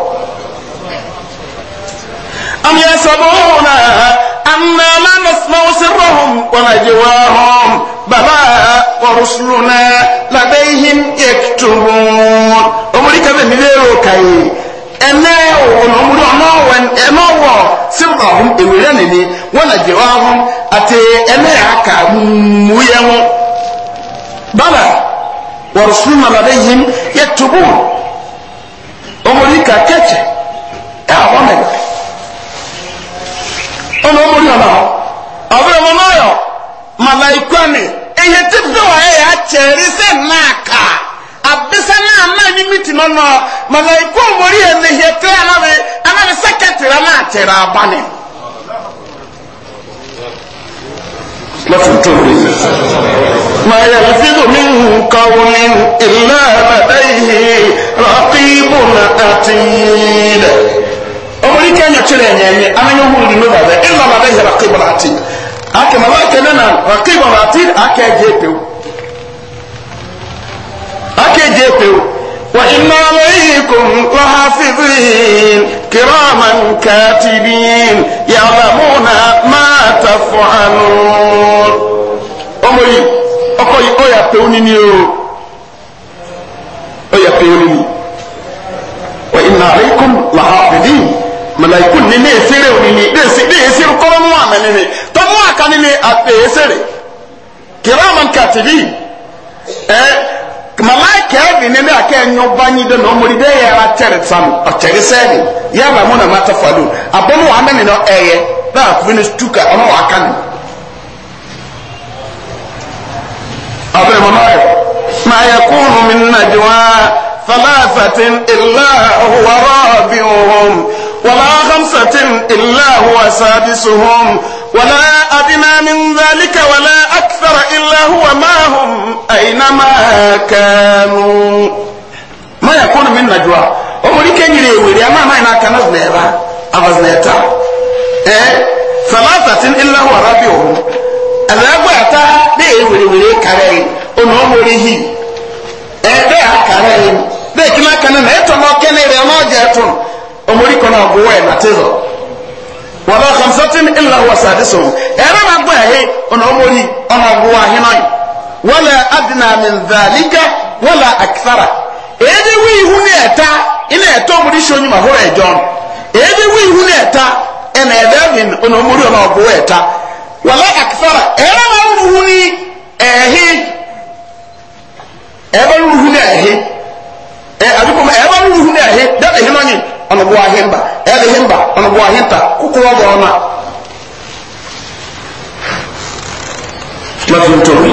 أم يحسبون أنا لا نسمع سرهم ونجواهم بلى ورسلنا لديهم يكتبون أمريكا بمبيرو كاي أنا ونمر أماوان أماوا سرهم إمرانني ونجواهم أتي أنا عكا مويهم بلى ورسلنا لديهم يكتبون أمريكا كتب أعوامل ọ̀nà ọmọdé ọ̀nà ọ̀ ọmọ náà yọ màmá ikú ẹni èyí tí fún wa ẹ̀yà kyẹ̀rí sẹ́ náà kà abisa náà náà ní mìtì náà nọ màmá ikú ọmọdé yẹn ní ìyẹ tẹ́ anáwé anáwé sẹ́kẹ̀tìrì náà tẹ̀rẹ̀ abáni. lọ́fù tó rí ma yàtìdù mi nǹkan ní ìlànà ẹ̀yìn rọ́ọ̀kì muri kenya chile nyenye amenyo huu ni nova ve illa la lehi rakibu la atid ake mawake nena rakibu la atid ake jepeu ake jepeu wa inna alaykum lahafidhin kiraman katibin ya'lamuna ma taf'alun omoyi okoyi oya peu nini o oya peu nini wa inna alaykum lahafidhin malayiku ni ne esere onini ne esere kɔrɔmu amenene tɔmu akanini ape esere kiraman katibi ɛɛ malaika ɛdi ne ne aka enyo banyi de na ɔmori de yɛ atɛri sam ɔtɛri sɛɛdi yaba mu na ma ta falu abɔmu wa amene na ɛyɛ na akubi ne tuka ɔno wa aka ne. abirima n'ayɛ. ma yakunu min najwa. ثلاثة إلا هو رابعهم وما خمسة إلا هو سادسهم ولا أدنى من ذلك ولا أكثر إلا هو معهم أينما كانوا ما يكون من نجوى أمري كان يريوري أما ما أنا كان أزنيرا أزنيتا إيه ثلاثة إلا هو ربيهم أذهب أتا دي وري وري كارين أنهم إيه دي أكارين دي كنا كنا نتمكن إلى ما جاتون omori kɔnɔ ɔbuwɛ natizɔ wala hamsatin illa huwa sadisuhu ɛrɛ ma gbɔ ɛhe ɔna omori ɔna ɔbuwɛ ahinɔyi wala adina min dhalika wala akthara ɛdi wi ihu ne ɛta ina ɛtɔ omori si onyima horo ɛjɔn ɛdi wi ihu ne ɛta ɛna ɛdɛ min omori ɔna ɛta wala akisara ɛrɛ ma nuhu ni ɛhe ɛbɛ nuhu ne ɛhe ɛ nuhu ɛhe ɔno bo ahemba ɛde hemba ɔno bo ahempa kokorɔ bɔ ɔma mafi tobi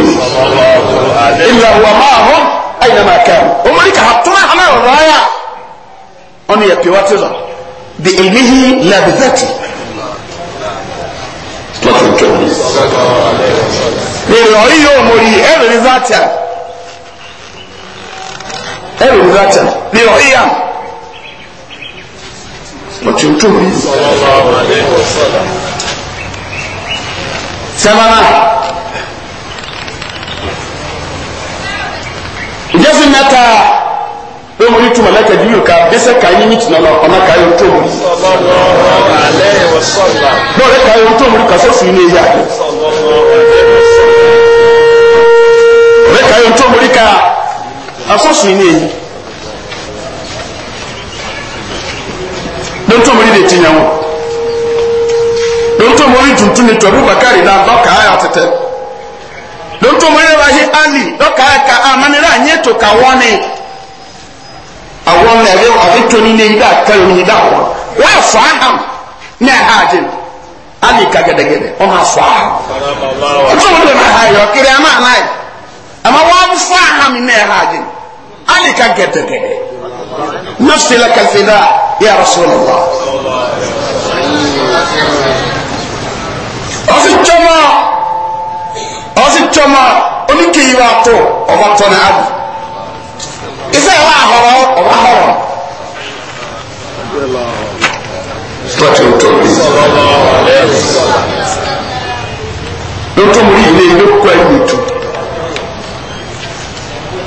illa huwa maahu aina ma kanu omori ka hatuna hana raya ɔno yɛ pewa te zɔ bi ilmihi la bi e zati mafi tobi ɛyɛ ɔyi yɛ omori ɛyɛ rizati a ɛyɛ e rizati a ɛyɛ ɔyi yɛ ọtí o tó mi. sábàbà ìjọsí mẹta lóhùn ní túmọ̀ lẹ́kẹ̀ẹ́ bí yóò ká bẹ́sẹ̀ ká yín ní tìǹà náà ọ̀nà ká yóò tó mi. bọ́ọ̀lù ká yóò tó mi kàṣẹ́ sí ilé yá. ọ̀rẹ́ ká yóò tó mi ká asọ́sùn ilé yìí. don mo rí lè ya wọn don mo tuntun ní bakari náà lọ́kà áyà tẹ́tẹ́ lóòótọ́ mo rí ali lọ́kà áyà ká amanira anyi ètò ká wọ́n ni àwọn ọmọ ẹ̀rí àfi tóni ní ìdá kẹrù ní ìdá wọn afọ aham ní ẹ̀ha àjẹ ali afọ aham afọ aham ali يا رسول الله ọsítọ́mọ́ ọsítọ́mọ́ oníkèyí wa tó ọba tó ní abu ife wa ahọrọ ọba ahọrọ. lótó múlí ilé ilé kó ẹyìn ètò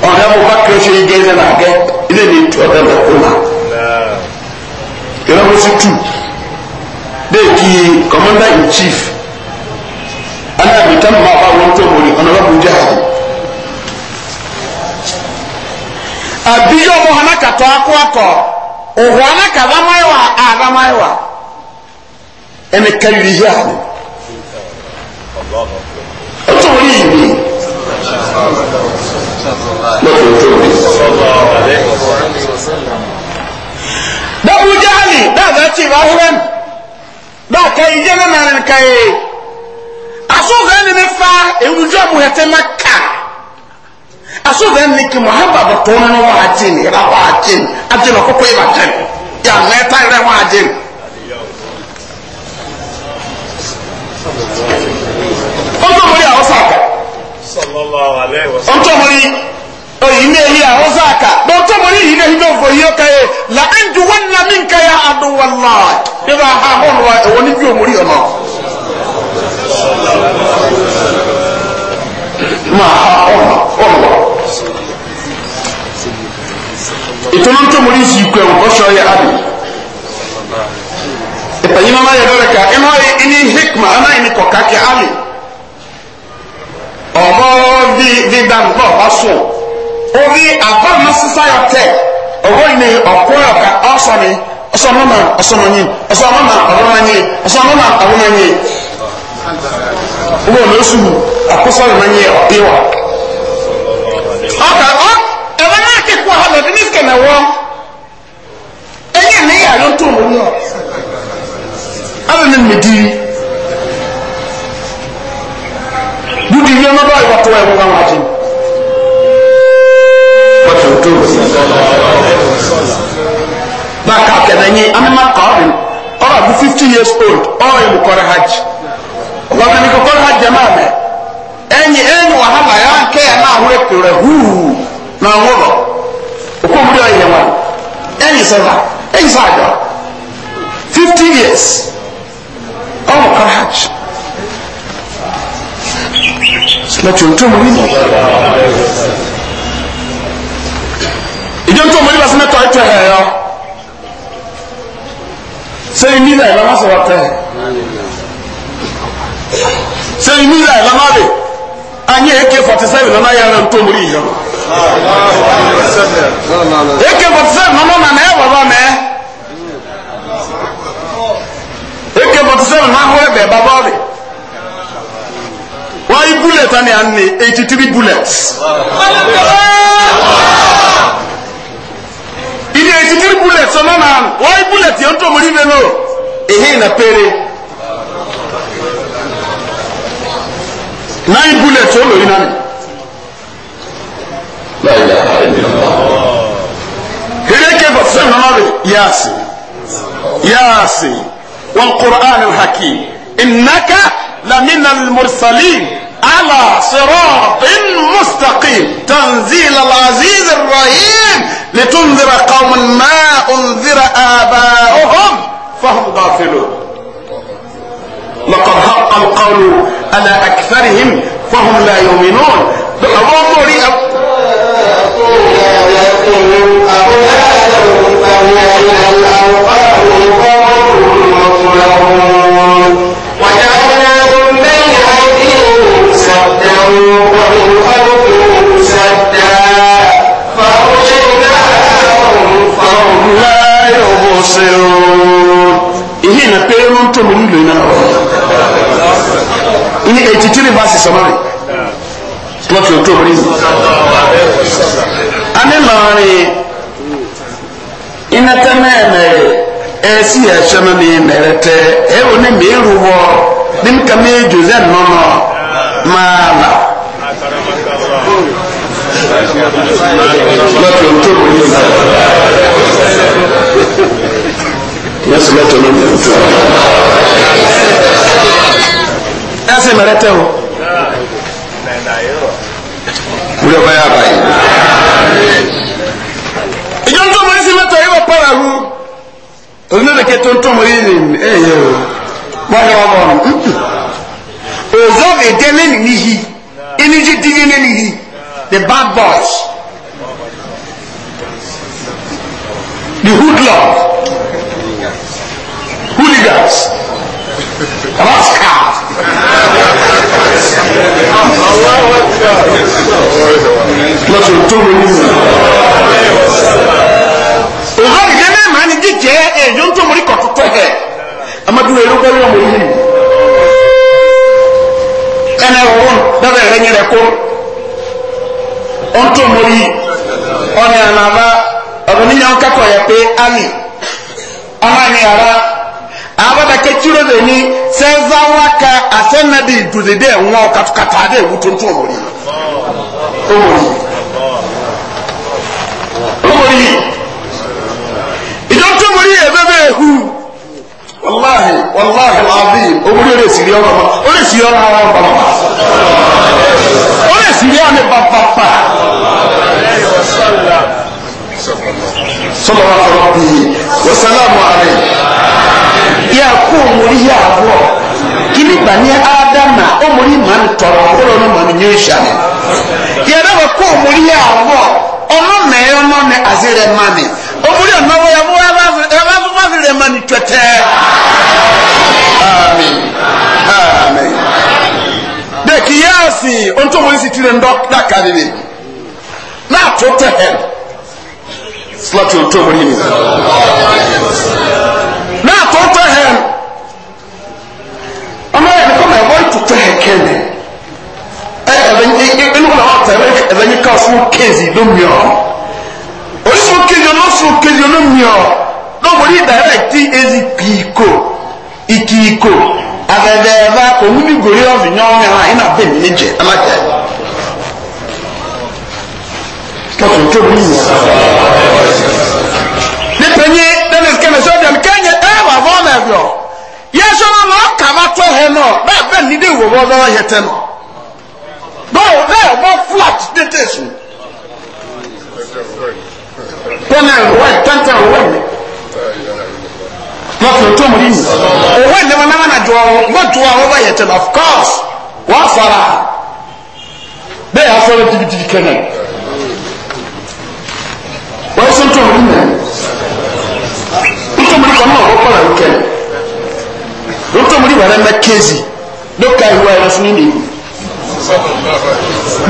ọ̀dà bó bá kéré ṣe yí gẹ́gẹ́ náà gẹ́ ilé ní ètò ọ̀dà bó kó náà kẹlẹ́wọ́sí tù bẹ́ẹ̀ kí commander in chief alábìtá mọ̀ bá wọn tó mọ̀ ní ọ̀nà ọ̀bùn jáde. abiyɔ mu hana katɔ akɔ akɔ ɔhɔ ana kadamaiwa adamaiwa ɛnɛ kayiri yi ano ɔtɔ wɔn yi yi bi tó bi abu jahali da za ce ba huran da ka yi jana na nan ka yi a so zan ne fa ewu jo mu yate makka a so zan ne ki muhabba ba to na wa ajin ra wa ajin ajin ko ko ba tan ya me ta ra wa ajin ojo mo ri awasa ka sallallahu alaihi wasallam ojo mo ri oyine yi a aka dɔnta mo ni yi na hinɛ fɔ yi ka la an ju na min ka ya adu wala e b'a ha hɔn wa ɛwɔ ni bi o mori yɛ ma ha hɔn wa hɔn wa. ìtọ́nà tó mori si kú ẹ̀ wọ́n sọ yẹ adu. ìpànyìmá má yẹ lọ́rẹ̀ ká iná yẹ ní hikma aná yẹ ní kọ̀ọ̀ká kí ali. ọ̀bọ̀ bí bí dàgbà ọ̀bá sùn. oge agbam na society ọwọ yi ni ọkọ ọka ọsọ ni ọsọ mama ọsọ nanyi ọsọ mama ọwọ nanyi ọsọ mama ọwọ nanyi wọn lọ sùn akọsọ na nanyi ọdẹwà ọka ọ na náà kékeré ọhọ lọdún ní sikẹmẹ wọ ẹyẹ na baka kẹnẹnyi anima kọrin ọ bụ 15 years old ọyọ mu kọrọ hajj ọgbọnọ ni kọkọrọ hajj ẹmọ amẹ enyi ẹnyi wàhálà yà ń kẹyà náà wọlé kẹrẹ huu náà wọlọ òkú omi dẹ kọrọ ìjọ tó mọ̀lẹ́bà sí mẹ́tọ́ ẹ̀tọ́ ẹ̀ yọ ṣe ìmílẹ̀ ìlànà sọ̀rọ̀ tẹ̀ ṣe ìmílẹ̀ ìlànà rẹ̀ anyi ak forty seven nana yàrá ntomori yìí yọ ak forty seven nana nana ẹ wọ̀ bá mẹ́ ak forty seven nana wọ̀ bẹ̀ bá bọ́ rẹ̀ wọ́n yí bullet ẹni à ń ní eighty three bullets engineer bullet sọ̀nà náà wọ́n bullet yẹn tó mọ̀rí bẹ́ẹ̀ náà èyí nà péré nine bullet ó lórí náà hìrẹ́kẹ́ bàtúṣẹ́ nínú rẹ̀ yáàsì yáàsì wọn kúrò ánà hakim. إنك لمن المرسلين على صراط مستقيم تنزيل العزيز الرحيم لتنذر قوم ما أنذر آباؤهم فهم غافلون لقد حق القول على أكثرهم فهم لا يؤمنون أولادهم أولادهم فهي إلى الأوقات ومن سدا فأغشيناهم فهم لا láti ohun tó kù ní ìgbà yẹn sì mẹ́tọ̀ ló ń bẹ̀rù tó. ẹ sì mẹ́rẹ́ tẹ́ o. wúlò bá yà báyìí. ìjọ tó mọ̀ sí mẹ́tọ̀ yóò pọ̀ àrùn onídàkẹ́ tó ń tó mọ̀ yìí ni ẹ̀ yẹ o. wọ́n yọ ọmọ ọ̀hún. òzọ́ ìdẹ́lẹ́ nìyí inú jí dídí nìyí the bad boys, the hoodlums, hooligans, rascals. Lọ́sọ̀ tó wọ ní ìlú. Òhàn ìdẹ́nà màá ní jíjẹ ẹ̀yọ́ tó mọ̀ ní kọ̀tọ̀tọ̀ ẹ̀. Amadu ẹ̀rọ bẹ́ẹ̀ yọ̀ mọ̀ yìí. Ẹnẹ̀ wọ̀n dábẹ̀ rẹ̀ nyẹ̀rẹ̀ kó. wọn tó mori ọni àmàmà ọbẹ níyà ń kakọ yẹ pé ami ọmọ ni ara abada kẹtìrọ de ni sẹnza waka asẹnadi dùdì dẹ wọn katakata dẹ ewu tó tó mori tó mori tó mori ìjọ tó mori yẹ bẹ bẹ hu wàláhi wàláhi làbí omori olè siri ọrụ olè siri ọmọ ọmọ bàbà olè siri ọmọ صلوات ربه وسلام عليه يا قوم يا أبو kini bani adama omuri man tɔrɔ kolo no man nyɛ nsani yɛrɛ bɛ ko omuri yɛ awɔ ɔno mɛyɛ ɔno ne azere mami omuri ɔnɔwɔ yɛ mo ɛbɛ fɔ ma zere mami twɛtɛ ami ami deki yaasi ontomori si tiri ndɔ daka bibi naa to tɛ hɛn slati o tó mori ni. náà tó tó hẹ ọmọ yẹn kọ́ mọ̀ ẹ̀wọ́n tó tó hẹ kẹ́lẹ̀ ẹ ẹ̀rẹ̀ inú kọ́nà wà tẹ̀ ẹ̀rẹ̀ yín ká fún kéèzì ló mi ọ́ orísun kéèzì ló fún kéèzì ló mi ọ́ lọ́wọ́rí dàrẹ́tì èzì kìíkò ìkìíkò àfẹ̀dẹ̀ bá òun ní gòrí ọ̀fìn yọ̀ ọ́n yẹn hàn ẹ̀nà bẹ́ẹ̀ mi jẹ́ alájẹ́. Tọ́tù tó bí yìí mi sọ dẹ̀m kẹ́nyẹ ẹ wà fọ́ ọmọ ẹ̀fọ́ yẹ sọ wọn mọ kàwá tó hẹ nọ bẹ́ẹ̀ bẹ́ẹ̀ nídìí ìwọ bọ́ bọ́ yẹ tẹ nọ bọ́ọ̀ bẹ́ẹ̀ bọ́ flat tètè sùn. wọn náà wọ ẹ tẹ́ntẹ́ wọ ẹ lọ́kùnrin tó mú yìí òwe ìdẹ́mọ̀ náà nà jọ wọ́n jọ àwọn bá yẹ tẹ̀ nọ of course wọ́n fara bẹ́ẹ̀ yà fọ́lọ́ digidigi kẹ́nẹ̀ wọ́n sọ tó mú yìí ntomori kɔn náà ɔkɔla nkɛlɛ ntomori wɛrɛ mɛ kezi dɔkita iwa yɛrɛ fún mi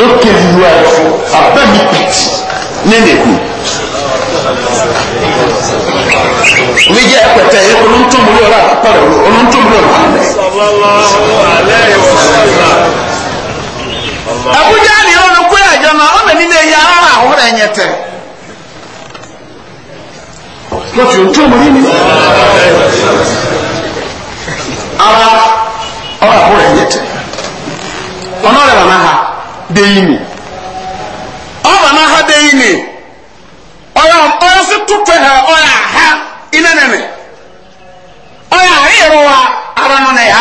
dɔkita iwa yɛrɛ fún abɛ mi piti ne ne ku mi jẹ ɛpɛtɛ yɛ kɔnɔ ntomori wɛrɛ akɔla ɔnɔ ntomori wɛrɛ alɛ. abuja ni ɔnu kó yà jọ na ɔmɛ nínú eya ara àhóró lọ́tí ohun tó mọ̀ ní ní ara ọ̀rọ̀ àbúrò ẹ̀yẹ tẹ̀ ọ̀nà rẹ̀ bàmá ha dé yìí ni ọ̀ bàmá ha dé yìí ni ọ̀yọ̀ ọ̀yọ̀ sí tuntun ha ọ̀yọ̀ ha iná nẹ̀mẹ̀ ọ̀yọ̀ àríyẹ̀rọ wa ara nọ nà yà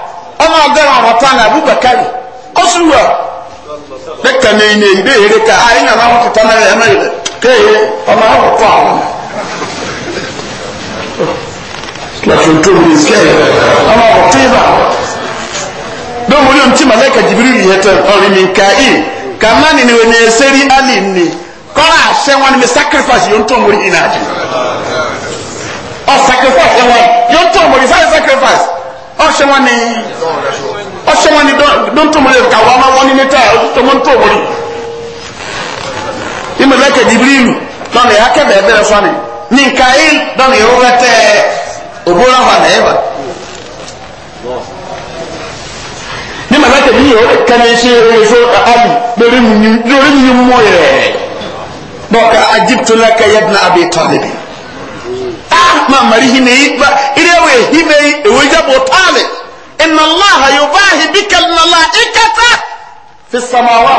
ọmọ ọgọrùn ọrọ tán ní abubakari ọsùnwà bẹẹka nìyí ìdè yìí ká ayé nàá wọn tuntun náà yẹn náà yẹ kéye ọmọ ọrọ tó àwọn. lọ́sùn tó mi ìsìkẹ́ yẹ ọmọ ọrọ tó yẹ dɔw wuli omi ti malayika jibiri yi hɛtɛ ɔrimi nkae kama ni ni wani eseri ali ni kɔla ahyɛ wani mi sacrifice yonto mori ina adi ɔ sacrifice ɛwɔ yonto mori sani sacrifice ọ̀ṣẹ́wọ́ni ọ̀ṣẹ́wọ́ni dọ́ntòmọ́lé kàwọ́ ọmọ wọn ní tẹ́ ọ̀ṣẹ́wọ́ntòmọ́lé ìmọ̀lẹ́kẹ̀ jìbìrìlù lọ́nà ìyá kẹ́bẹ̀ ẹ̀bẹ̀rẹ̀ sọ́ni ní nǹka yìí lọ́nà ìrora tẹ òbúra wà náà ẹ̀bà ah, ní mọ̀lẹ́kẹ̀ yìí ó kẹ́ni ṣe èso ọmọ lórí yìí mú yẹ̀ bọ́ọ̀ka ajíptò lẹ́kẹ̀ yẹ́dínà àbí tọ́lẹ̀bì ah mamari hinne yi ba ire ihe bụ ehi na ehi ewunye bụ ụtalị ịnọla ahịa yoruba ahịa bụ ike nọla ịkata sisamala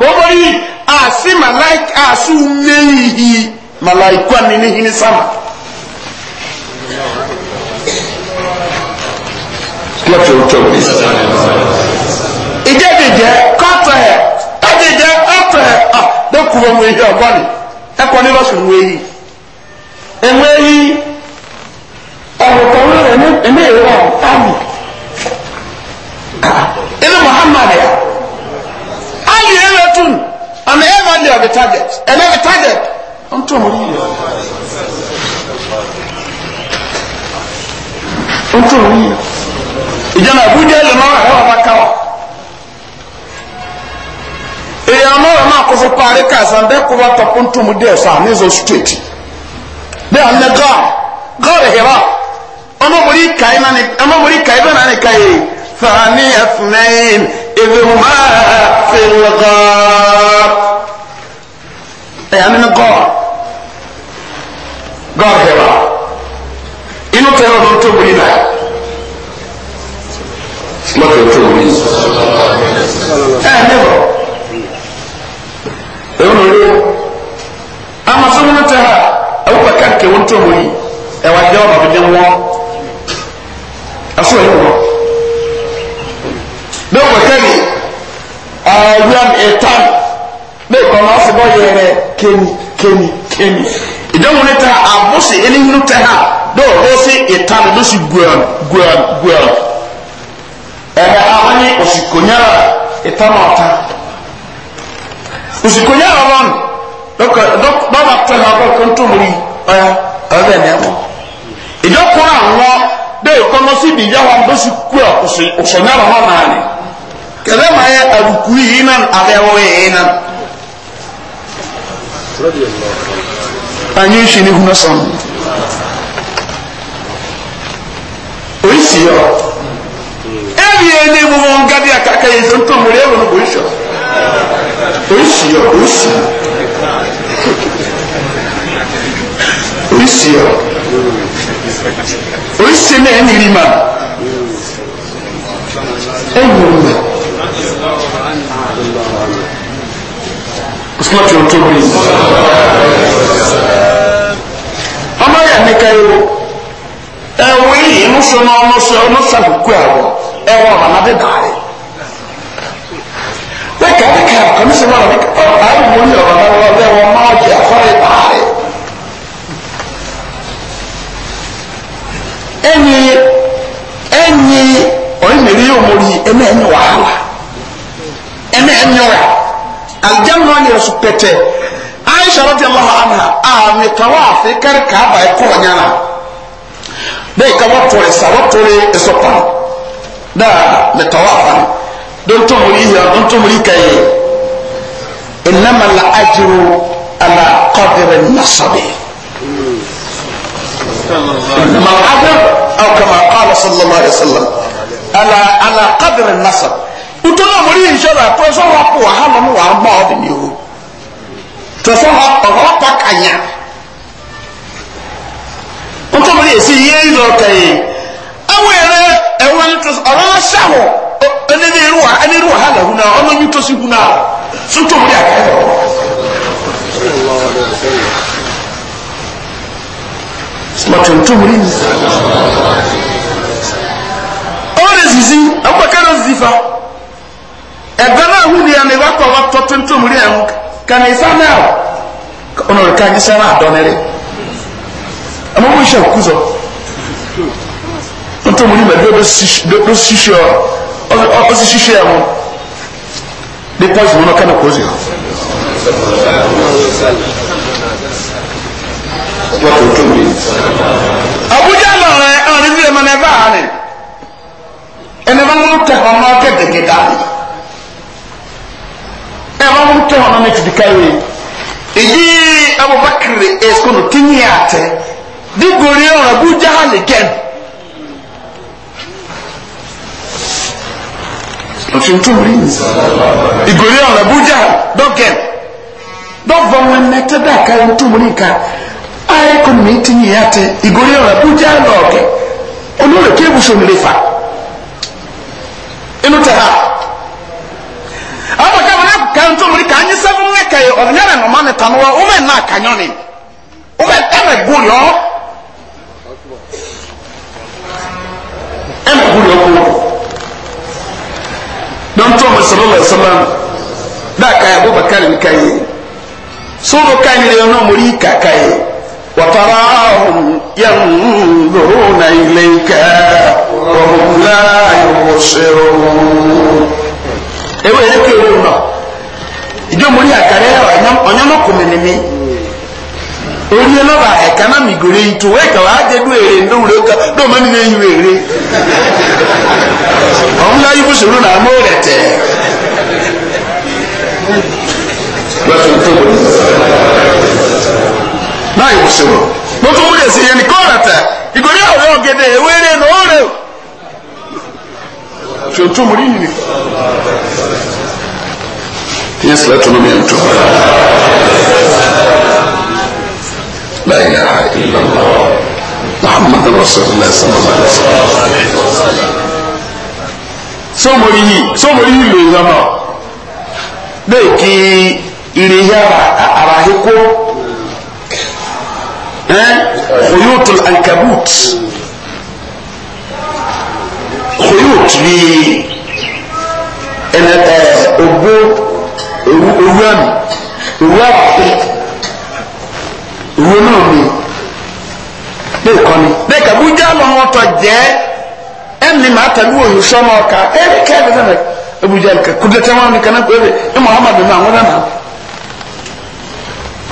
ọ bụghị asị ma laasị ume ihe ma laasị kwani ihinisama. ndị ejije k'atụghị ejije k'atụghị a ekuba m ehi ọgọọli ekuba ọ̀rọ̀ kan lórí ẹ̀mí ìwọ fáàmù ẹni muhammad ya ayi ẹ̀rọ tún ọ̀nà ẹ̀rọ ni ọ̀bẹ target ẹ̀nà ọ̀bẹ target ọ̀n tó mọ̀ yìí ọ̀n tó mọ̀ yìí ìjọba àbújá ẹ̀lẹ̀ náà ẹ̀rọ ọba káwà èyí ọmọ rẹ̀ máa kó fún parí káàsán bẹ́ẹ̀ kó bá tọpọ́ ntòmù díẹ̀ sáà ní ìzọ street bẹ́ẹ̀ ọ̀nà gọ́ọ̀ gọ́ọ̀ rẹ̀ hìrọ̀ ọmọmọrí kàí bá nàní kàí fani afunayin ìfihùmá fìlgọ. ẹ̀yà nínú gọ́ọ̀ gọ́ọ̀ hẹ̀rọ inú tẹ̀rọ ló ń tóbi náà lọ́kẹ̀ tóbi. ẹ̀ níbọ̀ èyí ló rí amasọ́nù tẹ̀ ha ẹ̀wọ́n pẹ̀ka kẹ̀wọ́n tóbi ẹ̀wà jẹ́ ọ̀nà ọ̀dẹ́wọ́n ɛso ɛyɛ wɔ ne wɔkɛ ni ɛwuam ɛtam ne kɔnɔ ɔsi bɔ yɛrɛ kemi kemi kemi ìdánwò ne ta abosi elihinu tɛ ha ne ɔhɔ si ɛtam ne si guam guam guam ɛhɛ ahani osikonyara ɛtam ɔta osikonyara wɔn dɔkɔ dɔkɔ bàbà tɛ ha kɔkɔ ntɔmori ɔya ɔbɛ nɛɛmɔ ìdɔkɔ àwọn dee kɔnɔ si bi yawa bɛ si kue ɔsi ɔsɔnyara hɔ naani kɛlɛ ma yɛ arukui yi nan abɛ wɔyɛ yi nan anyi si ni huna sɔn o si yɔ ebi yɛ ne mu gadi akaka yi sɛ ntɔmori ewu ni o yi sɔ o si yɔ o si yɔ o si yɔ oríṣi náà ní rí ma ẹ wò ó mẹ osùnà tí o tó bí ọmọ yà ní ká yóò ẹwọ yìí ń sọ náà ọmọ sọ ọmọ sàkókò ẹwọ ẹwọ ọmọ nàbẹ dàrẹ bẹẹ kàwé kàwé kàwé sọ wọn àbí ọ náà wọn bẹ wọn máa jẹ àkọrẹ dàrẹ. ɛnyi ɛnyi ɔyìnbɛrɛ yɛ ɔmɔ yi ɛnɛ ɛnyi wàhálà ɛnɛ ɛnyi wà alijanna wani yɛ so pɛtɛ aisha rɔdi alahu anha a mitawa afi kari kaaba ɛkɔ ɔnyana bɛyi ka wɔtɔre sa wɔtɔre ɛsɔpa daa mitawa afa dontomori yɛ dontomori ka ɛnama la ajiru ala kɔdiri nasabi. الأدب أو كما قال صلى الله عليه وسلم على على قدر النسب وتنا مري إن شاء الله تسوى ربو وهم وأربعة دنيو تسوى ربو كأنيا وتنا مري إسي يجوا كي أويرة أوان تس أوان شهو أنا نروح أنا نروح هلا هنا أنا يتوسي هنا سنتم يا كهرباء الله عليه وسلم matuntumuri ɔre zizi abubakar zizi fa ɛgbɛ náà hundi ya mɛwa kɔ wa tɔ tuntumuri yɛ ho kana ifa náà ɔnà ɔreka nyi sɛ náà dɔnɛrɛ ɛmɛ wɔn hyɛ oku zɔ tuntumuri mɛ do do sisi ɔ ɔsi sisi yɛ ho de pɔsi mu n'ɔka na kɔzi hɔ yọ tó tóbi. abuja lọrẹ ọrin ní ẹmọ nẹfà rẹ ẹni bá wọn tẹ ọmọ ọkẹ gẹgẹdà ẹ bá wọn tẹ ọmọ mi tìdí káyọ èyí abubakar ẹsùn tìnyẹ àtẹ dígorí ọrọ abuja lè gẹn. tuntumri igori ọrọ abuja dọkẹ dọvọ wọn nẹtẹ dàkà ntumri ká ayé kò ní ti yìí àti ìgòrí ọ̀rọ̀ abuja lọ ọ̀kẹ́ olórí kébù sọ nílé fa inú tẹ̀ ha abaka wọn akọkọ ntọ́ mu ní ká anyi sẹ́fún ní ẹ̀ka yẹ ọ̀rọ̀ yàrá nàmá ní tanu wa ọmọ ẹ̀ nà kanyọ́ ni ọmọ ẹ̀ tẹ́ ẹ̀ ọ́ ẹ̀ nà gòrí ọ́ kúrò dọ́ntọ́ mu sọ̀rọ̀ lọ sọ́lá dáa ká yẹ abubakar nìka yẹ sọ́dọ̀ ká yẹ ọ̀nà mọ̀rí kàkà yẹ. وتراهم ينظرون إليك وهم لا يبصرون ewe ereke ewu nọ ìjọ mo ní àkàrẹ ọ̀nyọ́mọkùnmìnìmí orí ẹlọ́ba ẹ̀ka náà mi gòrè ìtò ẹ̀ka wàá jẹ́dú èrè ndóhùn lóka dóhùn mọ́ni ní ìwé èrè ọ̀hún láyé bó ṣòro náà la yubsirun lótú múlẹ̀ sí yẹn kọ́ ọ̀rẹ́tẹ̀ ìgòrí ọ̀rẹ́ ọ̀gẹ̀dẹ̀ ewéré nà ó rẹ̀ tí o tún mú nínú ni. yẹn sílẹ̀ tó ló mi ń tó. láyé ha ìlànà muhammad rasulillah sallallahu alayhi wa sallam. sọmọlì yìí sọmọlì yìí ló ń lọ náà bẹ́ẹ̀ kí ìrẹ̀yà ara ẹ̀kọ́. خيوط العنكبوت خيوط ni eh, ogbo owu ami owu apapo owu náà mi bẹ́ẹ̀ kọ́ ni. bẹ́ẹ̀ kà bójú àwọn ọ̀tọ̀ jẹ́ ẹni màá tàbí òyìn sọ́mọ ọ̀ka ẹ̀ẹ́dẹ́kẹ́ ẹ̀ẹ́dẹ́kẹ́ ẹ̀ẹ́dẹ́kẹ́ ẹ̀ẹ́dẹ́kẹ́ kúndẹ́tẹ́ wọn ni kanáà pé ẹ̀ muhammadu náà wọn náà.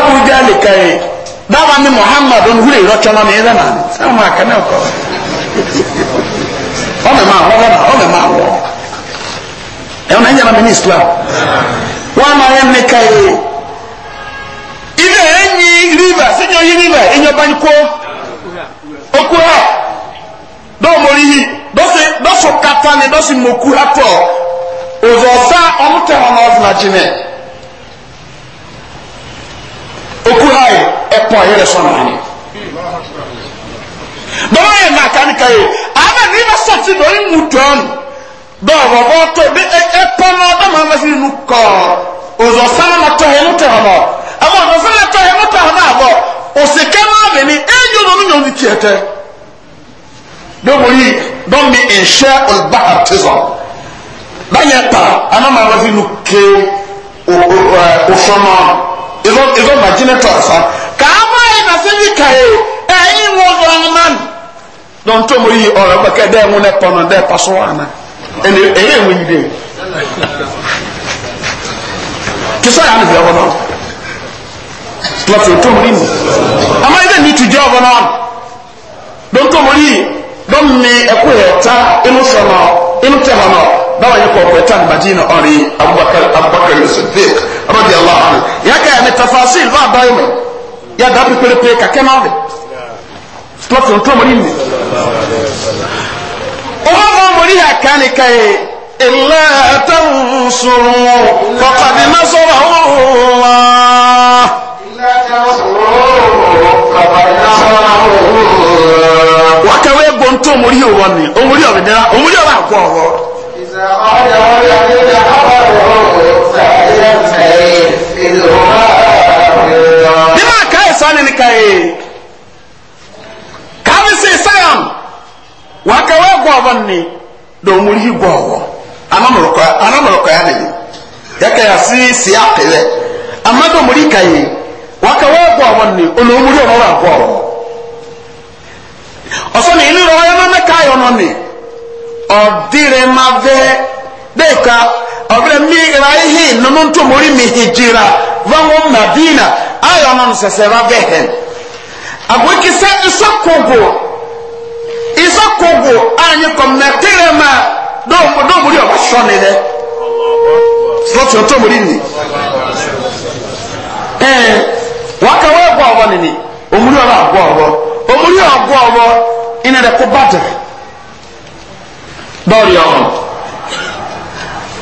abuja le ka ye daba ni muhammad on hure irọ tọnọ ni ẹrẹ nani sẹwọn maa kẹ ne kọ ọmọ maa wọ ọmọ ọmọ maa wọ ẹwọn náà ń yàrá mi ní islam wọn máa yẹ ne ka ye ilé ẹnyi riva sẹnyọ yi riva ẹnyọ bá ń kó oku ha dọ́ọ̀mọ̀rí yìí dọ́sọ̀ kata ni dọ́sọ̀ mọ̀kú ha tọ̀ ọ̀zọ̀ ọ̀sá ọ̀mùtẹ̀ ọ̀nà ọ̀fìnà jìnnà. pọ̀ yẹrẹ sọ̀nà ni. dɔbɔ yɛ na kan ka ye ama ni ma sɔti dɔ in mu tɔn dɔbɔ bɔ tɔ bi ɛ ɛ pɔnɔ dama ma fi nu kɔ ozɔ sanna ma tɔ yɛ mu tɛ hɔnɔ ɛmɔ ozɔ sanna ma tɔ yɛ mu tɛ hɔnɔ abɔ ose kɛnɛ bɛ ni e yɔ dɔ mi yɔ ni tiɛ tɛ dɔbɔ yi dɔn mi n sɛ olu ba a ti zɔn báyẹn ta anamọ àwọn fi nu ke o o ẹ o sọmọ ìzọ ìzọ màjínẹtọ àfa asiri kae ɛyi wɔzɔn man dɔntɔn mu yi ɔrɔ bɛkɛ dɛ ŋun dɛ pɔnɔ dɛ paso ana ɛnɛ ɛyɛ ŋun yi de kisa yɛ alibi ɔbɔ náà lọtò tó mu nínú ama yi dɛ ni tu jɛ ɔbɔ náà dɔntɔn mu yi dɔnni ɛkó yɛ ta inú sɛ inú tɛ hɔ náà báwo yẹ kɔ kɔɛ tan madina ɔri abubakar abubakar yusuf fik rɔdi allah ya kɛ tafasil bá a bá yi mɛ ya dabu perepe kake na ɔbɛ lɔfi ntɔ mɔri mi ɔmɔ mɔ mɔri yà kàn ká yẹ ilẹ̀ tẹ̀wọ̀n sọ̀rọ̀ kọ̀kadì náà sọ̀rọ̀ wá. wákàwé bọ̀ ntɔ mɔri yà ni ɔmɔri yà wọ́n dẹ́ra ɔmɔri yà wọ́n àgọ́ ọ̀rọ̀. ìsàkọ́jà wọ́n yà wọ́n yà wọ́n yà wọ́n sàyẹ̀ ìlú wọn. ni maa ka e ni ka ye kaabi si sayam waa ka wee gɔɔbɔ ni domuri ana gɔɔbɔ ka ya de ya ka si si akɛlɛ e ama domuri ka ye waa wakawa wee gɔɔbɔ ni olomuri ɔmɔ wa ni e ma ve ọbẹ̀rẹ̀ mmiri ìráyìí nínú tó mórí mi hìjìrà vọ́wọ́ màdínà ayọ̀ náà sẹ̀sẹ̀ bá bẹ̀ hẹ̀. àgbékisẹ́ ìsọ́kògò ìsọ́kògò ànyì kọ̀mẹ́tẹ́rẹ́ máa dóòmùrí ọ̀bá sọ́ni rẹ̀ sọ́tì ọ̀tọ́ mórí mi. ẹ̀ẹ́n wọ́n kà wọ́n gbọ́ ọrụ nìní òmùrí ọ̀bá gbọ́ ọ̀bọ òmùrí ọ̀gbọ́ ọ̀bọ ìnira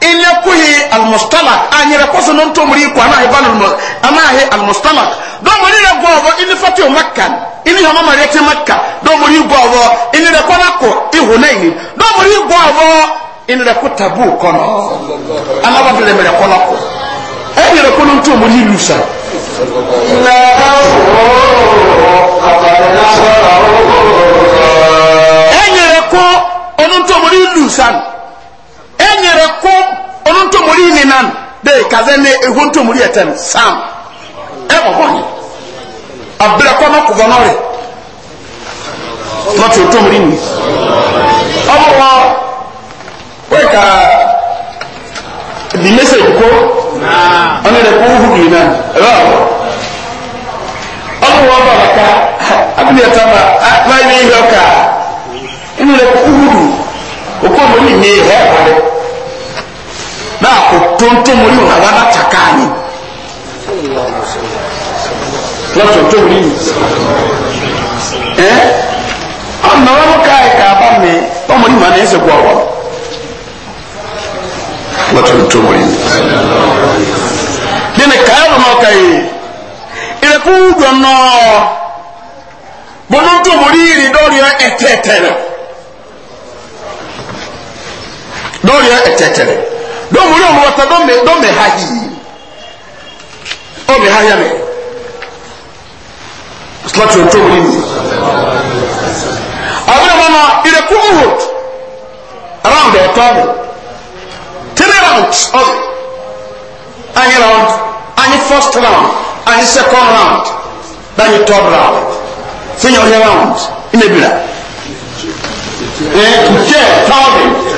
ina kuyi almustalak a ah, nyere kwaso non to muri ko anahe bal anahe almustalak do muri re gowo ini fatu makka ini hama mari te makka do muri gowo ini re kona ko i hunaini do muri gowo ini re ko tabu kono ana ba bele mere kono ko e ni re kono to muri lusa na o abana e, muri lusa enyere ko onu ntomori ni nan de kaze ne ehu ntomori etem sam e mo ho ni abira ko ma kugo nore ma ni omo wa we ka di message ko na onu de ko hu ni nan ro e omo wa ba ka abira ta ba ba ni ho ka inu le ku hu ko mo ni ni náà kò tóńtó mori wọn àwọn alátakà ni lọ́tọ̀ tó rí ni ẹ́ ọ̀nà wọn ká ẹ̀ka bá mi ọmọ yìí máa ní ẹsẹ̀ gbọ́ ọ̀wọ́ lọ́tọ̀ tó mori ni. Dini kaayọ̀ lọ́mọ ka yìí ìrẹ̀kú dọ̀nà bọ́dọ̀ tó mori yìí ni dọ́ọ̀rì ẹ̀tẹ̀ẹ̀tẹ̀ rẹ̀ dọ́ọ̀rì ẹ̀tẹ̀ẹ̀tẹ̀ rẹ̀ dɔmori ɔmu wata dɔmɛ dɔmɛ ha yi ɔmɛ ha yamɛ silati o tó wuli mi àwọn ọmọ náà ìrẹkú uhud round ọtọ mi three rounds ọbẹ anyi round anyi first round anyi second round anyi third round fúnyẹ ọyẹ round ẹnẹbìrà ẹ kùkẹ táwọn.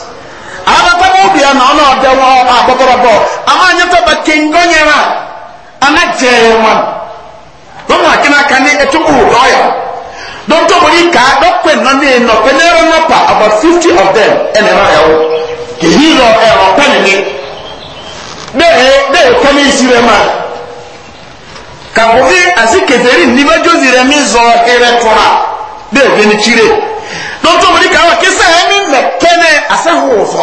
abata wo bia na ɔna ɔdɛ wɔ abɔbɔrɔbɔ ama anyɛ tɔ ba a ana gyɛɛ wɔn wɔn a kena ka ne ɛtu kuru lɔya dɔntɔ wɔli kaa dɔkpɛ nɔne nɔpɛ ne yɛrɛ nɔpa about fifty of them ɛna ɛma yɛwɔ kehi lɔ ɛwɔ pɛni ni bɛɛ bɛɛ kɔmi esi rɛ ma kakɔfi asi keseri nibadzo zi rɛ mi zɔ ɛrɛ tɔra bɛɛ bɛ ni tsire dɔnku mo ni ka wa kisa yɛ ni mɛ kɛnɛ asɛ hɔɔfɔ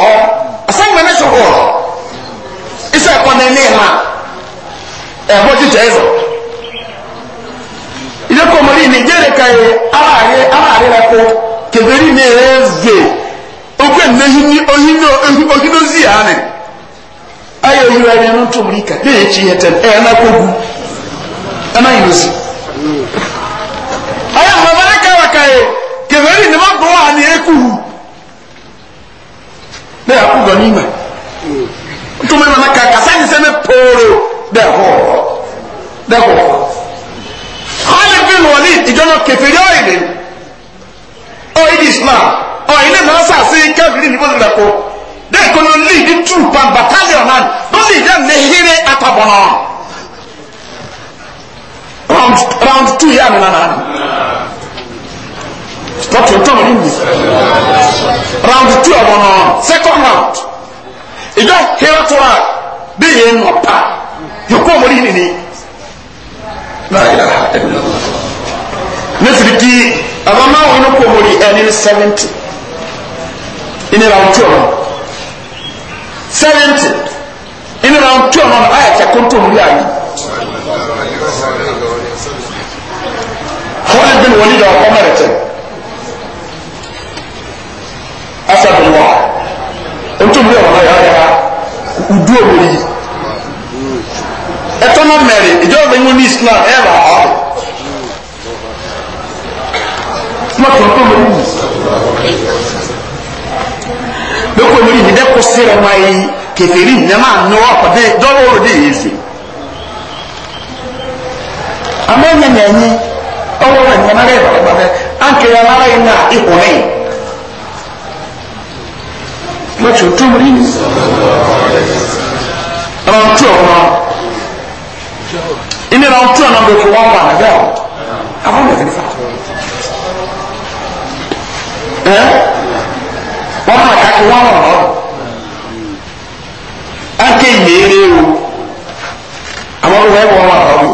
asɛ ŋmɛnɛ sɔ hɔɔrɔ isɛ kɔnɛ ne ha ɛbɔ ti tɛ zɔ ilé kɔmɔli nìjɛrɛ ka ye ala yɛ ala yɛ la ko kebeli ne yɛ ve okwe ne hini ohino ohino zi ya ne ayɛ yiwa yɛ no to mo ni ka ne yɛ tsi yɛ tɛ ɛyɛ na ko gu ɛna yi lo si ayɛ mɔmɔ ne ka wa ka ye. ndị ni wọ́n gbọ́ wà ní ekú ní ẹ̀kú gbọ́ nímọ̀ ntoma ní wọn kàkà sáyẹn sẹ́ ní pòórò dẹ́kọ̀ dẹ́kọ̀ Khalid bin Walid ìjọba kèfèrí ọ̀yìn ni ọ̀yìn Islam ọ̀yìn ní màá sàásì kèfèrí ní bọ́sẹ̀ dẹ́kọ̀ dẹ́kọ̀ ní lè ní tù pan na náà bọ́sẹ̀ ìjà ní hírí àtàbọ̀ round round two stop your tongue in this round two ọmọ náà second round ìjọ hero to round bí yẹn ń wọ pa yòókù ọmọ yìí nìyí nítorí kí àbámáwò inú kò mọ̀ ní ẹni seventy ìní round two ọmọ seventy ìní round two ọmọ náà ayẹ̀kẹ́ kó tó mú yàrá yìí. Kọ́lé bí wọlé dà ọkọ mẹ́rẹ̀tẹ̀ asàbùnmọ́ ntúmí ọ̀nà yà ọ̀yà udu òwúrò yìí ẹtọ́ náà mẹ́rin ìjọba ìwọ ní islam ẹ̀ bá ọ̀ mọ́tò tó lè wù lóko mi ni dẹ́kun sẹ́rẹ̀ wáyé kẹfẹ́rì ní ẹ̀ máa ní wọ́n kọ́ dé dọ́wọ́ òde yìí fè amẹ́nyẹnyẹnyi ọwọ́ ẹ̀nyẹmẹ́rẹ́ ìbàdàn bàbẹ́ ànkẹ́yẹmẹ́rẹ́ yìí náà ìhùnẹ́yìí lọ́tí ó tún rí ni ẹran tí ọ̀rọ̀ náà ilé ẹran tí ọ̀nà gbèkè wọn wà níbẹ̀ ọ̀ àwọn ọ̀nà ìfà ẹ wọn máa kàkí wọn wà lọ́rọ̀ ákè yéere o àwọn ọ̀nà ìfà wọn wà lọ́rọ̀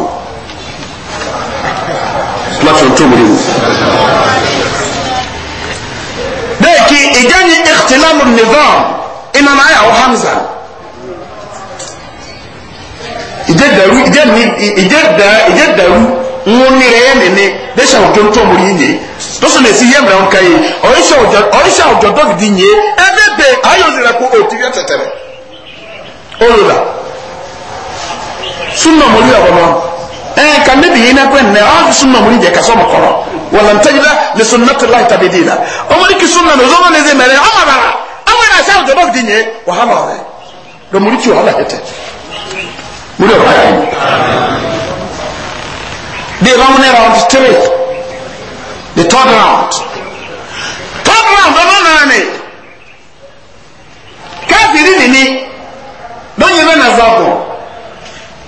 lọ́tí ó tún rí ni. bẹ́ẹ̀ kí ìjẹ́ ni ẹ. اختلال النظام إن أنا أيها حمزة ìjẹ́dàrú ìjẹ́dàrú wọn ní rẹ̀ yẹn nìní lẹ́sẹ̀ òjò tó mú yín yìí tó sì lè sí yẹn mìíràn ká yìí ọ̀yẹ́sẹ̀ òjò dọ́gìdì yìí ẹ̀dẹ́ bẹ̀ ayọ̀sẹ̀ rẹ̀ kó òtí rẹ̀ tẹ̀tẹ̀rẹ̀ olùdà súnmọ̀ mọ́lú ọ̀bọ̀n náà ɛn eh, ka ne bi hinɛ pɛ nɛ ɔn sunna mun jɛ ka sɔn ma kɔrɔ wala n tɛgila le sunna ti lahi tabi di la o mɔri ki sunna no zɔn ne ze mɛrɛ ɔn ma bara ɔn ma na se awo jɔbɔ di nye wa ha ma wɛrɛ dɔn mɔri ti o ala yɛ tɛ mɔri o ba yɛ de round ne round three the third round third round ɔn nana ne káfíìrì nìní lóyún bɛ na zɔn kɔ.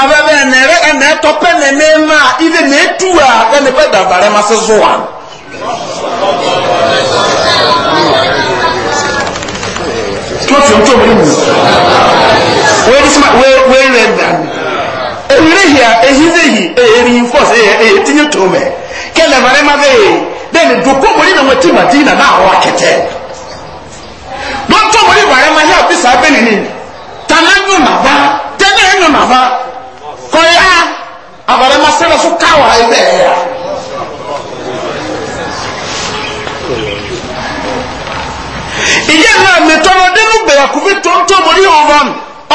kabɛbɛ nɛrɛ ɛnɛ tɔpɛ nɛnɛ ma ile ne tuwa ɛnɛ bɛ dabarɛ ma se zuwa. tuwɔtɔ tó o mu wéyí sima wéyí wéyí rɛ dani ewúrɛ yìí a ehi ne yìí eye reinforce eye eye tinye tó mɛ kẹlɛ bɛrɛ ma bɛ yìí dɛni dukɔ wòle na wɔn ti ma di na na awɔ akɛtɛ dɔn tó wòle bɛrɛ ma yà bisa bɛ nini tana nyɔ na ba tɛnɛ nyɔ na ba kɔya abarama sɛ so kawa yi bɛɛya ìyá náà mi tɔnɔ dínú gbèrè kúfi tó ń tó mori yóò bá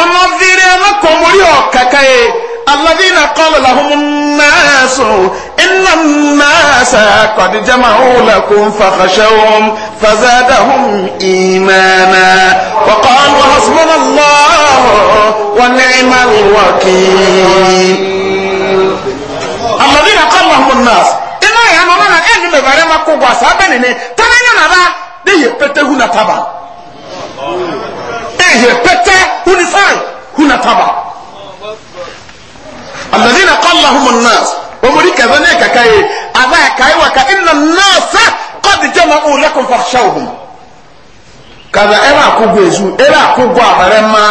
ọmọ fèrè ɛ má kọ mori yóò kàkà الذين قال لهم الناس إن الناس قد جمعوا لكم فخشوهم فزادهم إيمانا وقالوا حسبنا الله ونعم الوكيل الذين قال لهم الناس إنا يعنونا أن نبغي ما كوبا سابنني تنين نبا دي يبتهون تبا دي يبتهون ساي هنا تبا alladhina qallahum an-nas omori kazane kakaye aba kai wa ka inna an-nas qad jama'u lakum fakhshawhum kaza era ko gwezu era ko gwa barema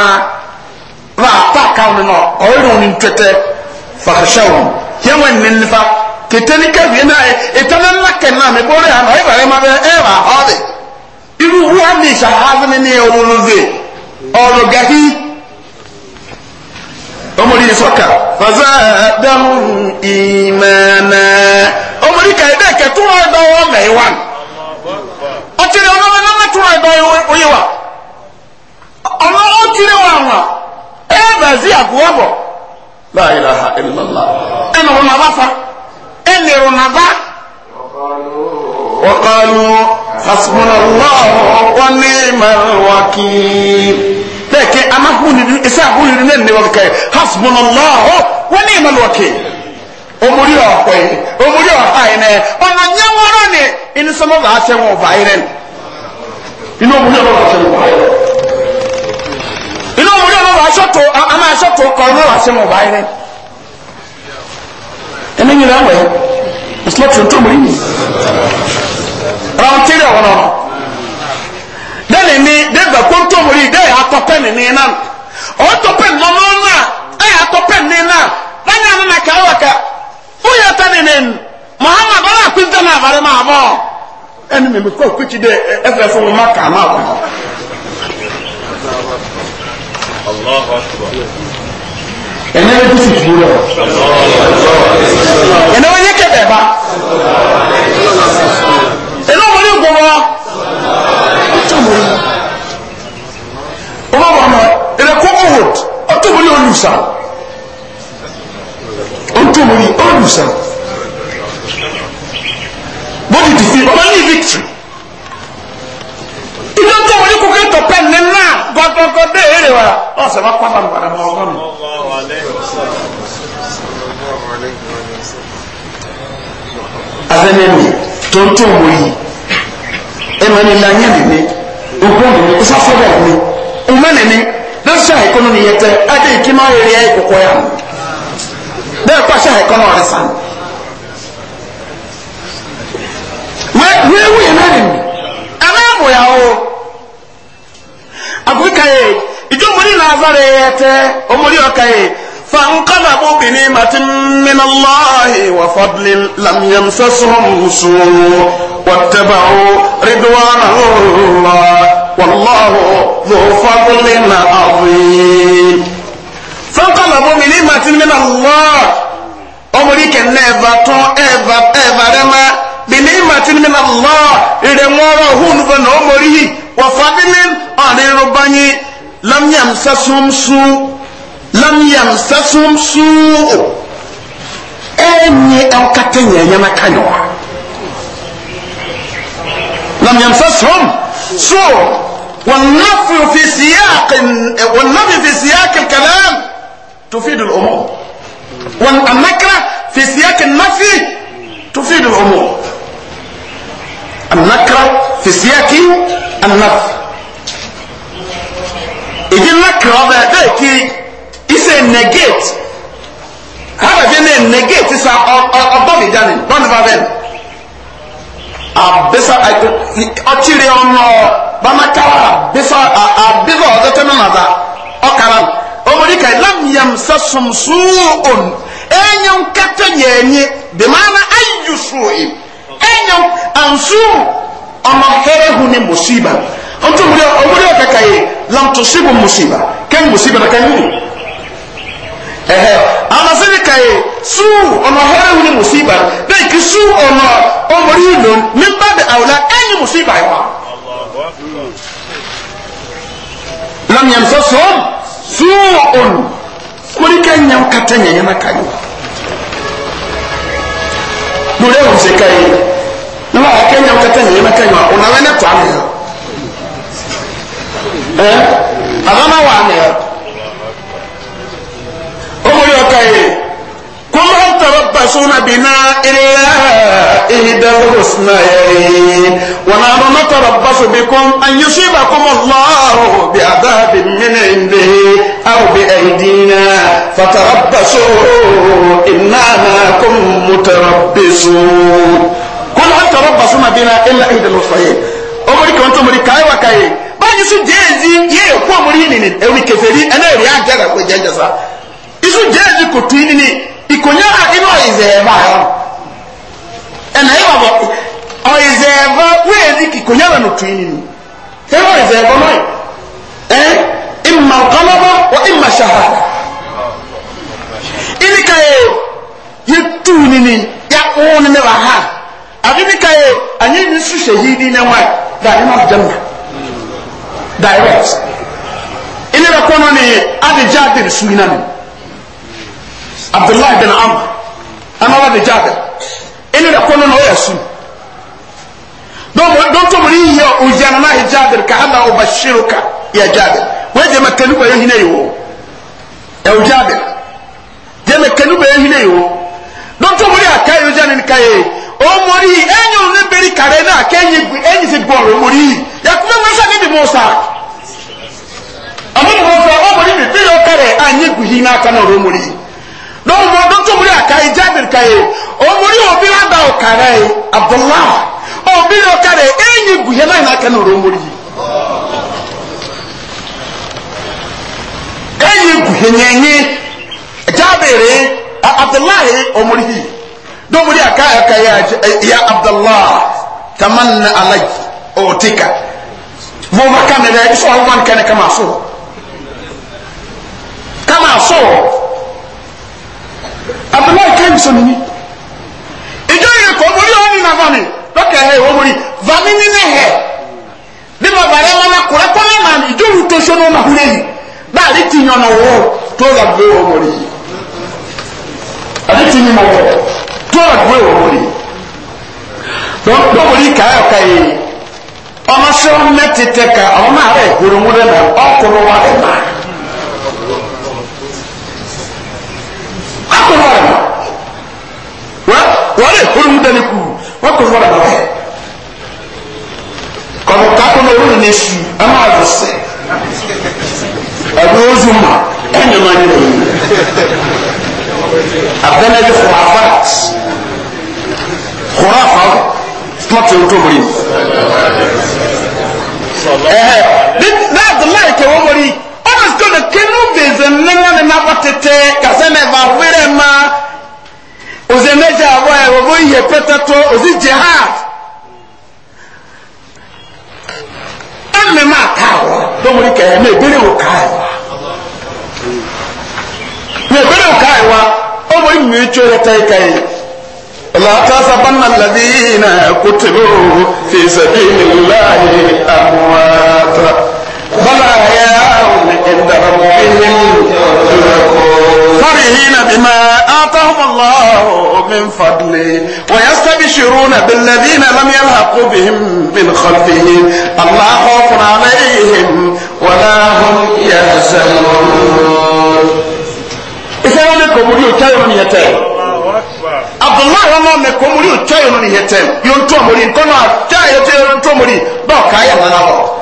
ba ta kawo no oyro ni tete fakhshawhum yawan nin fa ketani ka wena e etanan la kenna me bore ha no barema be era hode iru huwa ni shahadni ni oluluze olugahi ọmọdé yìí sọ́kà fàzà dáhùn ìmọ̀nà ọmọdé kàyé dẹ́ kẹ́ tó wáyé dọ́wọ́ mẹ́yì wá ọtí ni ọlọ́wọ́ náà tó wáyé dọ́wọ́ oyè wá ọlọ́wọ́ kiri wà wọn ẹ bàzí àbúwọ́ bọ̀ láyé láha ẹ̀ lọ́la ẹ̀ nà wọn nàbà fa ẹ̀ nìrò nàbà. wa ni الله ونعم الوكيل deke ama hunidi isa hunidi ne ne wakai hasbunallahu wa ni'mal wakil omuri ọkọ yi omuri ọha yi nẹ ọna nye wọrọ ni inisọmọ baa sẹ wọn ọba yi ni inú omuri ọba baa yi rẹ inú omuri ọba baa sẹ tó ama sẹ tó kọ ọba baa sẹ wọn ọba yi rẹ ẹni nyina wẹ ẹsẹ tuntun mu yi ni rántí rẹ wọn náà ɛbɛ kɔntɔ wòle dɛ atɔpɛ nini na ɔtɔpɛ nɔnɔ na ɛyɛ atɔpɛ nini na lanyɛ anana ka awɔ e, e ka fúyɛ tɛ nini muhammadu ɔlá kúndé náà abalẹ máa bɔ ɛni mímu kɔ kúti dɛ ɛfɛ fún mi má kà má bɔ. ɛnɛ bɛ kusi fi lɔ ɛnɛ bɛ nyɛ kɛtɛ ba. olùsà ntòmòlì olùsà bóyá dìfí ọba ní victory ìdá ntòmòlì kò kẹ́ tọ̀pẹ́ nínú gbọdọgbọ dé èrè wa ọ̀sẹ̀ bá pàpà ní padà bọ̀ ọgbọ́n mi. abẹ́nẹ́mi tó ń tòmòlì ẹ̀ máa ní lanyẹ́ mi ní ogbó mi ní sáfọ́dọ̀ mi ọmọ nìní. lọ́sẹ̀ àìkọ́nù nìyẹn tẹ adé ìkímọ̀ eré ìkókó yà mọ́ bẹ́ẹ̀ pàṣẹ àìkọ́nù ọ̀rẹ́ sàn. wíwú yẹn náà nìyí ẹ̀rọ àbòyá o àfíríkà yẹ ìjọ òmùdí náà sáré yẹ tẹ òmùdí ọkà yẹ فانقلبوا بنعمة من ya وفضل لم يمسسهم والله ذو فضل عظيم فانقلبوا بنعمة من الله أمريكا نيفا تون إيفا إيفا رما بنعمة من الله إرمورا هون فنومري وفضل عن رباني لم يمسسهم سوء لم يمسسهم سوء أني أنكتني يمكنوا لم يمسسهم so والنفي في سياق والنفي في سياق الكلام تفيد الأمور والنكرة في سياق النفي تفيد الأمور النكرة في سياق النفي إذا النكرة ذلك إذا نجيت هذا في نجيت إذا أضل جانب ضمن بابين abisa ah, ɔtiri ah, ɔnɔ bamakawa bisa abisa ah, ɔdɔtɔ mi naza, ɔkara omori ka lam yam sɛ sumsuun enye nkata yɛnye bimaana ayu suin enye ansu ɔmɔ hɛrɛ hu ne musiba ɔtɔ omori ɔmori ɔkaka yi lam tusibu musiba kɛn musiba na kɛn yi ɛhɛ amasiri kaye suu ɔnɔ hɛrɛ wuli musiba bɛyi ki suu ɔnɔ ɔmɔri yi nom ni ba bi awula ɛyi musiba yi wa. lam yɛn sɔ sɔm suu ɔnu kori ka nyam kata nyanyana kaye wa. lori ɛwɔ nse kaye ne ma ɔkɛ nyam kata nyanyana kaye wa ɔnawɛ ne tɔ amɛ. ɛɛ a bɛ ma wa amɛ omori ọka yi kọ́mọ́ tọrọbàṣúnà bìnà ilẹ̀ ìdẹ́rù hùsùnà yẹ̀rì wọn àwọn mọ́tọrọbàṣù bí kún anyíṣẹ́ bá kọ́mọ́ lọ́rùn bí adáàbí mímẹ́ ìdè àwòbí ẹ̀yìndínà fàtàrọbàṣù ìnáàmà kún mọ́tọrọbàṣù kọ́mọ́ tọrọbàṣúnà bìnà ilẹ̀ ìdẹ́rù hùsùnà yẹ̀rì omori kan tó mori káyọ̀ káyẹ̀ báyìí sùn jẹ́ẹ̀zì yẹ́ ẹ̀kọ́ omori nìyẹn ẹ̀rù kẹfẹ́rí ẹ̀ isu jeji kotu inini ikonya a ibe oyizeba yo ena iwa bo oyizeba wezi kikonya ba notu inini tebe oyizeba noyo eh imma qalaba wa imma shahada ini kaye yetu nini ya oni ne ba ha abini kaye anyi ni su shahidi ne wa da ma janna direct ini ba kono ni adi de su abdullahi bin am amaba de jaabe ɛne de kɔnɔ na ɔyɛ sum dɔn tɔ mori yɛ o yɛn na yɛ jaabe ka ana o ba shiro ka yɛ jaabe wɛ jɛma kanu bɛ yɛ hinɛ yi o ɛwɔ jaabe jɛma kanu bɛ yɛ hinɛ yi o dɔn tɔ mori a ka yɛ o jɛn ni ka yɛ o mori ɛnyɛ o ne beri kare na kɛ ɛnyɛ ɛnyɛ ti gbɔn o mori yakuba wɛsɛ ne bi m'o sa àmọ́ mọ̀ fọ́ ọmọ ní bíbí ọkọ rẹ̀ à ń yé gùhí náà kan náà ló dɔw mɔ dɔw tó múlẹ̀ àkàyè jábìrì kàyè òmùrí òbí wa bá òkàrà yìí abdullahi òbí wa kàrà yìí ẹ̀yìn gùhẹ́ náà nàkà ní ọ̀rọ̀ òmùrí yìí. ẹ̀yìn gùhẹ́ nyẹ̀nyẹ́ jábìrì abdullahi òmùrí yìí dɔw múlẹ̀ àkàyè kàyè ya abdullahi tamanna alayi òtíkà mọ̀ bá kàmẹ́rẹ́ ẹ̀ sọ́wọ́n kàmẹ́ kàmá sọ̀rọ̀ kàmá sọ̀rọ̀. abdullahi kan sọ nìyí ìjọ ka kò wọlé wọn nínú abami lọkẹ ẹ wọn wọlé vami nínú ẹ bí mo bàrẹ wọn náà kọlẹ náà ìjọ yìí tó sọ náà wọlé yìí bá àlè ti yàn náà tó rà gbé wọn ti tó rà gbé wọn ọmọ sọ mẹ́tẹ̀ẹ̀tẹ̀ ká ọmọ akɔrɔ ara wa wɔre ekuru dani ku wakɔrɔ ara wa kɔnɔ kakɔ na olu na esu ama adu sɛ ɛdi ozu ma ɛnyɛ ma nyɛ oyi abɛnɛ bi kɔrɔ afa kɔrɔ afa tuma tɛn tó mori ɛhɛ ne ne adu lai kɛ wɔn mori nínú ni nàbọ tètè kàsẹ́nà ẹ̀fà wíìrẹ̀ ma òsè méjì àbọ̀ ẹ̀ wọ́n yẹ pẹ́tẹ́tọ́ òsì jihad ẹ̀mí máa ká wọ́ lómìnir kẹ̀yẹ́ mi ìbéèrè wò ká ẹ̀ wá mi ìbéèrè wò ká ẹ̀ wá ọmọ ìmì ìtsó yẹ tẹ́ ká yìí. لا تحسبن الذين قتلوا في سبيل الله أمواتا بل أحياء فرحين بما آتاهم الله من فضله ويستبشرون بالذين لم يلحقوا بهم من خلفهم الله خوف عليهم ولا هم يحزنون إذا أنا كمولي أتايون يتاي عبد الله وما أنا كمولي أتايون يتاي ينتو مولي كنا أتايون يتاي ينتو مولي باو كايا منابو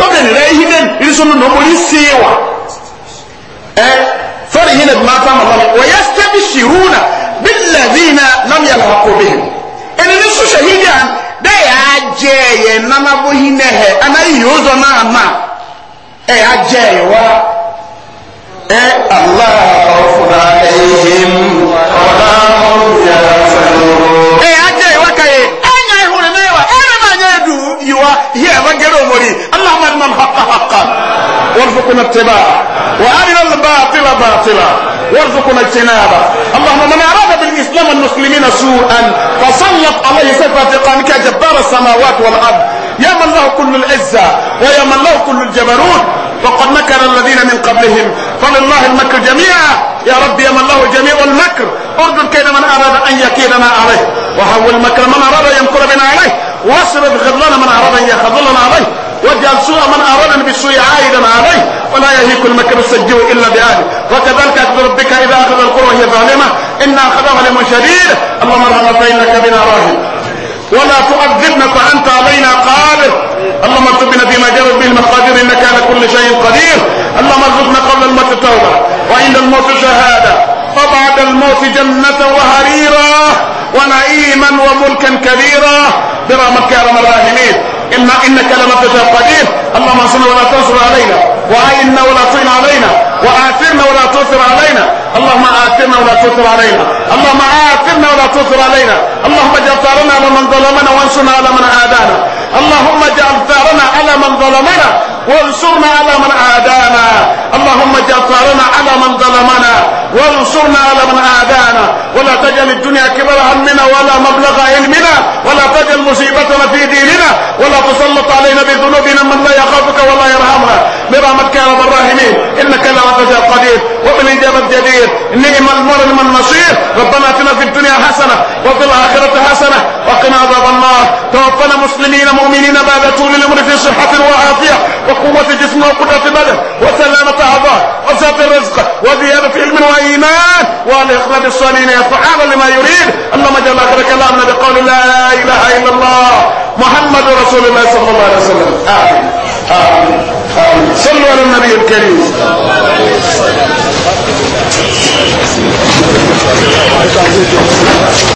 dɔbɛ nira ehi nɛ irisɔnu na ɔmɔ esi wa ɛ fɛrɛ yi na bi ma ta ma lɔri wɔ yɛ sɛbi siru na bi lɛbi na nam yɛ lɔri ko bi hɛ ɛni ni so sɛ yi yɛ nana bo hɛ ana yi yoo zɔ naa ɛ y'a yɛ wa ɛ alahu fura ehim ɔlɔrun yɛrɛ. أرنا الحق حقا وارزقنا اتباعه وأرنا الباطل باطلا وارزقنا اجتنابه اللهم من أراد بالإسلام المسلمين سوءا فسلط عليه سيف اعتقانك جبار السماوات والأرض يا من له كل العزة ويا من له كل الجبروت وقد مكر الذين من قبلهم فلله المكر جميعا يا رب يا من له جميع المكر اردد كيد من أراد أن يكيدنا عليه وحول مكر من أراد أن يمكر بنا عليه واصرف غضلنا من أراد أن يخذلنا عليه واجعل سوء من أرادنا بالسوء عائدا عليه ولا يهيك المكر السجيه إلا بأهله وكذلك أخذ ربك إذا أخذ القرى وهي ظالمة إن أخذها لم شديد اللهم ارحم فإنك بنا راهب ولا تؤذبنا فأنت علينا قادر اللهم ارزقنا فيما جرت به المقادير إنك على كل شيء قدير اللهم ارزقنا قبل الموت توبة وعند الموت شهادة وبعد الموت جنة وهريرا ونعيما وملكا كبيرا برحمتك مكة ارحم الراحمين إما إنك لما تشاء قدير اللهم انصرنا ولا تنصر علينا وعيننا ولا تعين علينا وآثرنا ولا تؤثر علينا اللهم آثرنا ولا تؤثر علينا اللهم آثرنا ولا تؤثر علينا اللهم اجعل ثارنا على من ظلمنا وانصرنا على من عادانا اللهم اجعل ثارنا على من ظلمنا وانصرنا على من عادانا اللهم اجعل ثارنا على من ظلمنا وانصرنا على من عادانا ولا تجعل الدنيا كبر همنا ولا مبلغ علمنا ولا تجعل مصيبتنا في ديننا ولا تسلط علينا بذنوبنا من لا يخافك ولا يرحمنا برحمتك يا رب الراحمين انك لا القدير قدير وبالاجابه جدير نعم المرء من نصير ربنا اتنا في الدنيا حسنه وفي الاخره حسنه وقنا عذاب النار توفنا مسلمين مؤمنين بعد طول الامر في صحه وعافيه وقوه جسم وقدره بدن وسلامه اعضاء وسعه الرزق وزياده علم وايمان والاخلاص الصالحين يا لما يريد اللهم اجعل اخر كلامنا بقول لا اله الا الله محمد رسول الله صلى الله عليه وسلم آمين آمين آمين صلوا على النبي الكريم